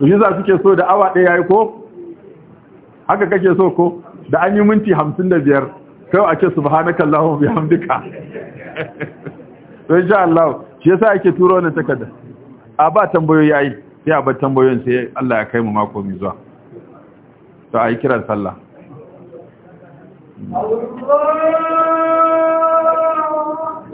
yanzu za suke so da awa ɗaya yayi ko haka kake so ko da an yi minti 55 kai a ce subhanaka allahumma bihamdika [laughs] to insha Allah shi yasa ake turo wannan takarda a ba tambayoyi yayi sai a ba tambayoyin sai Allah ya kai mu mako mai zuwa to yi kiran sallah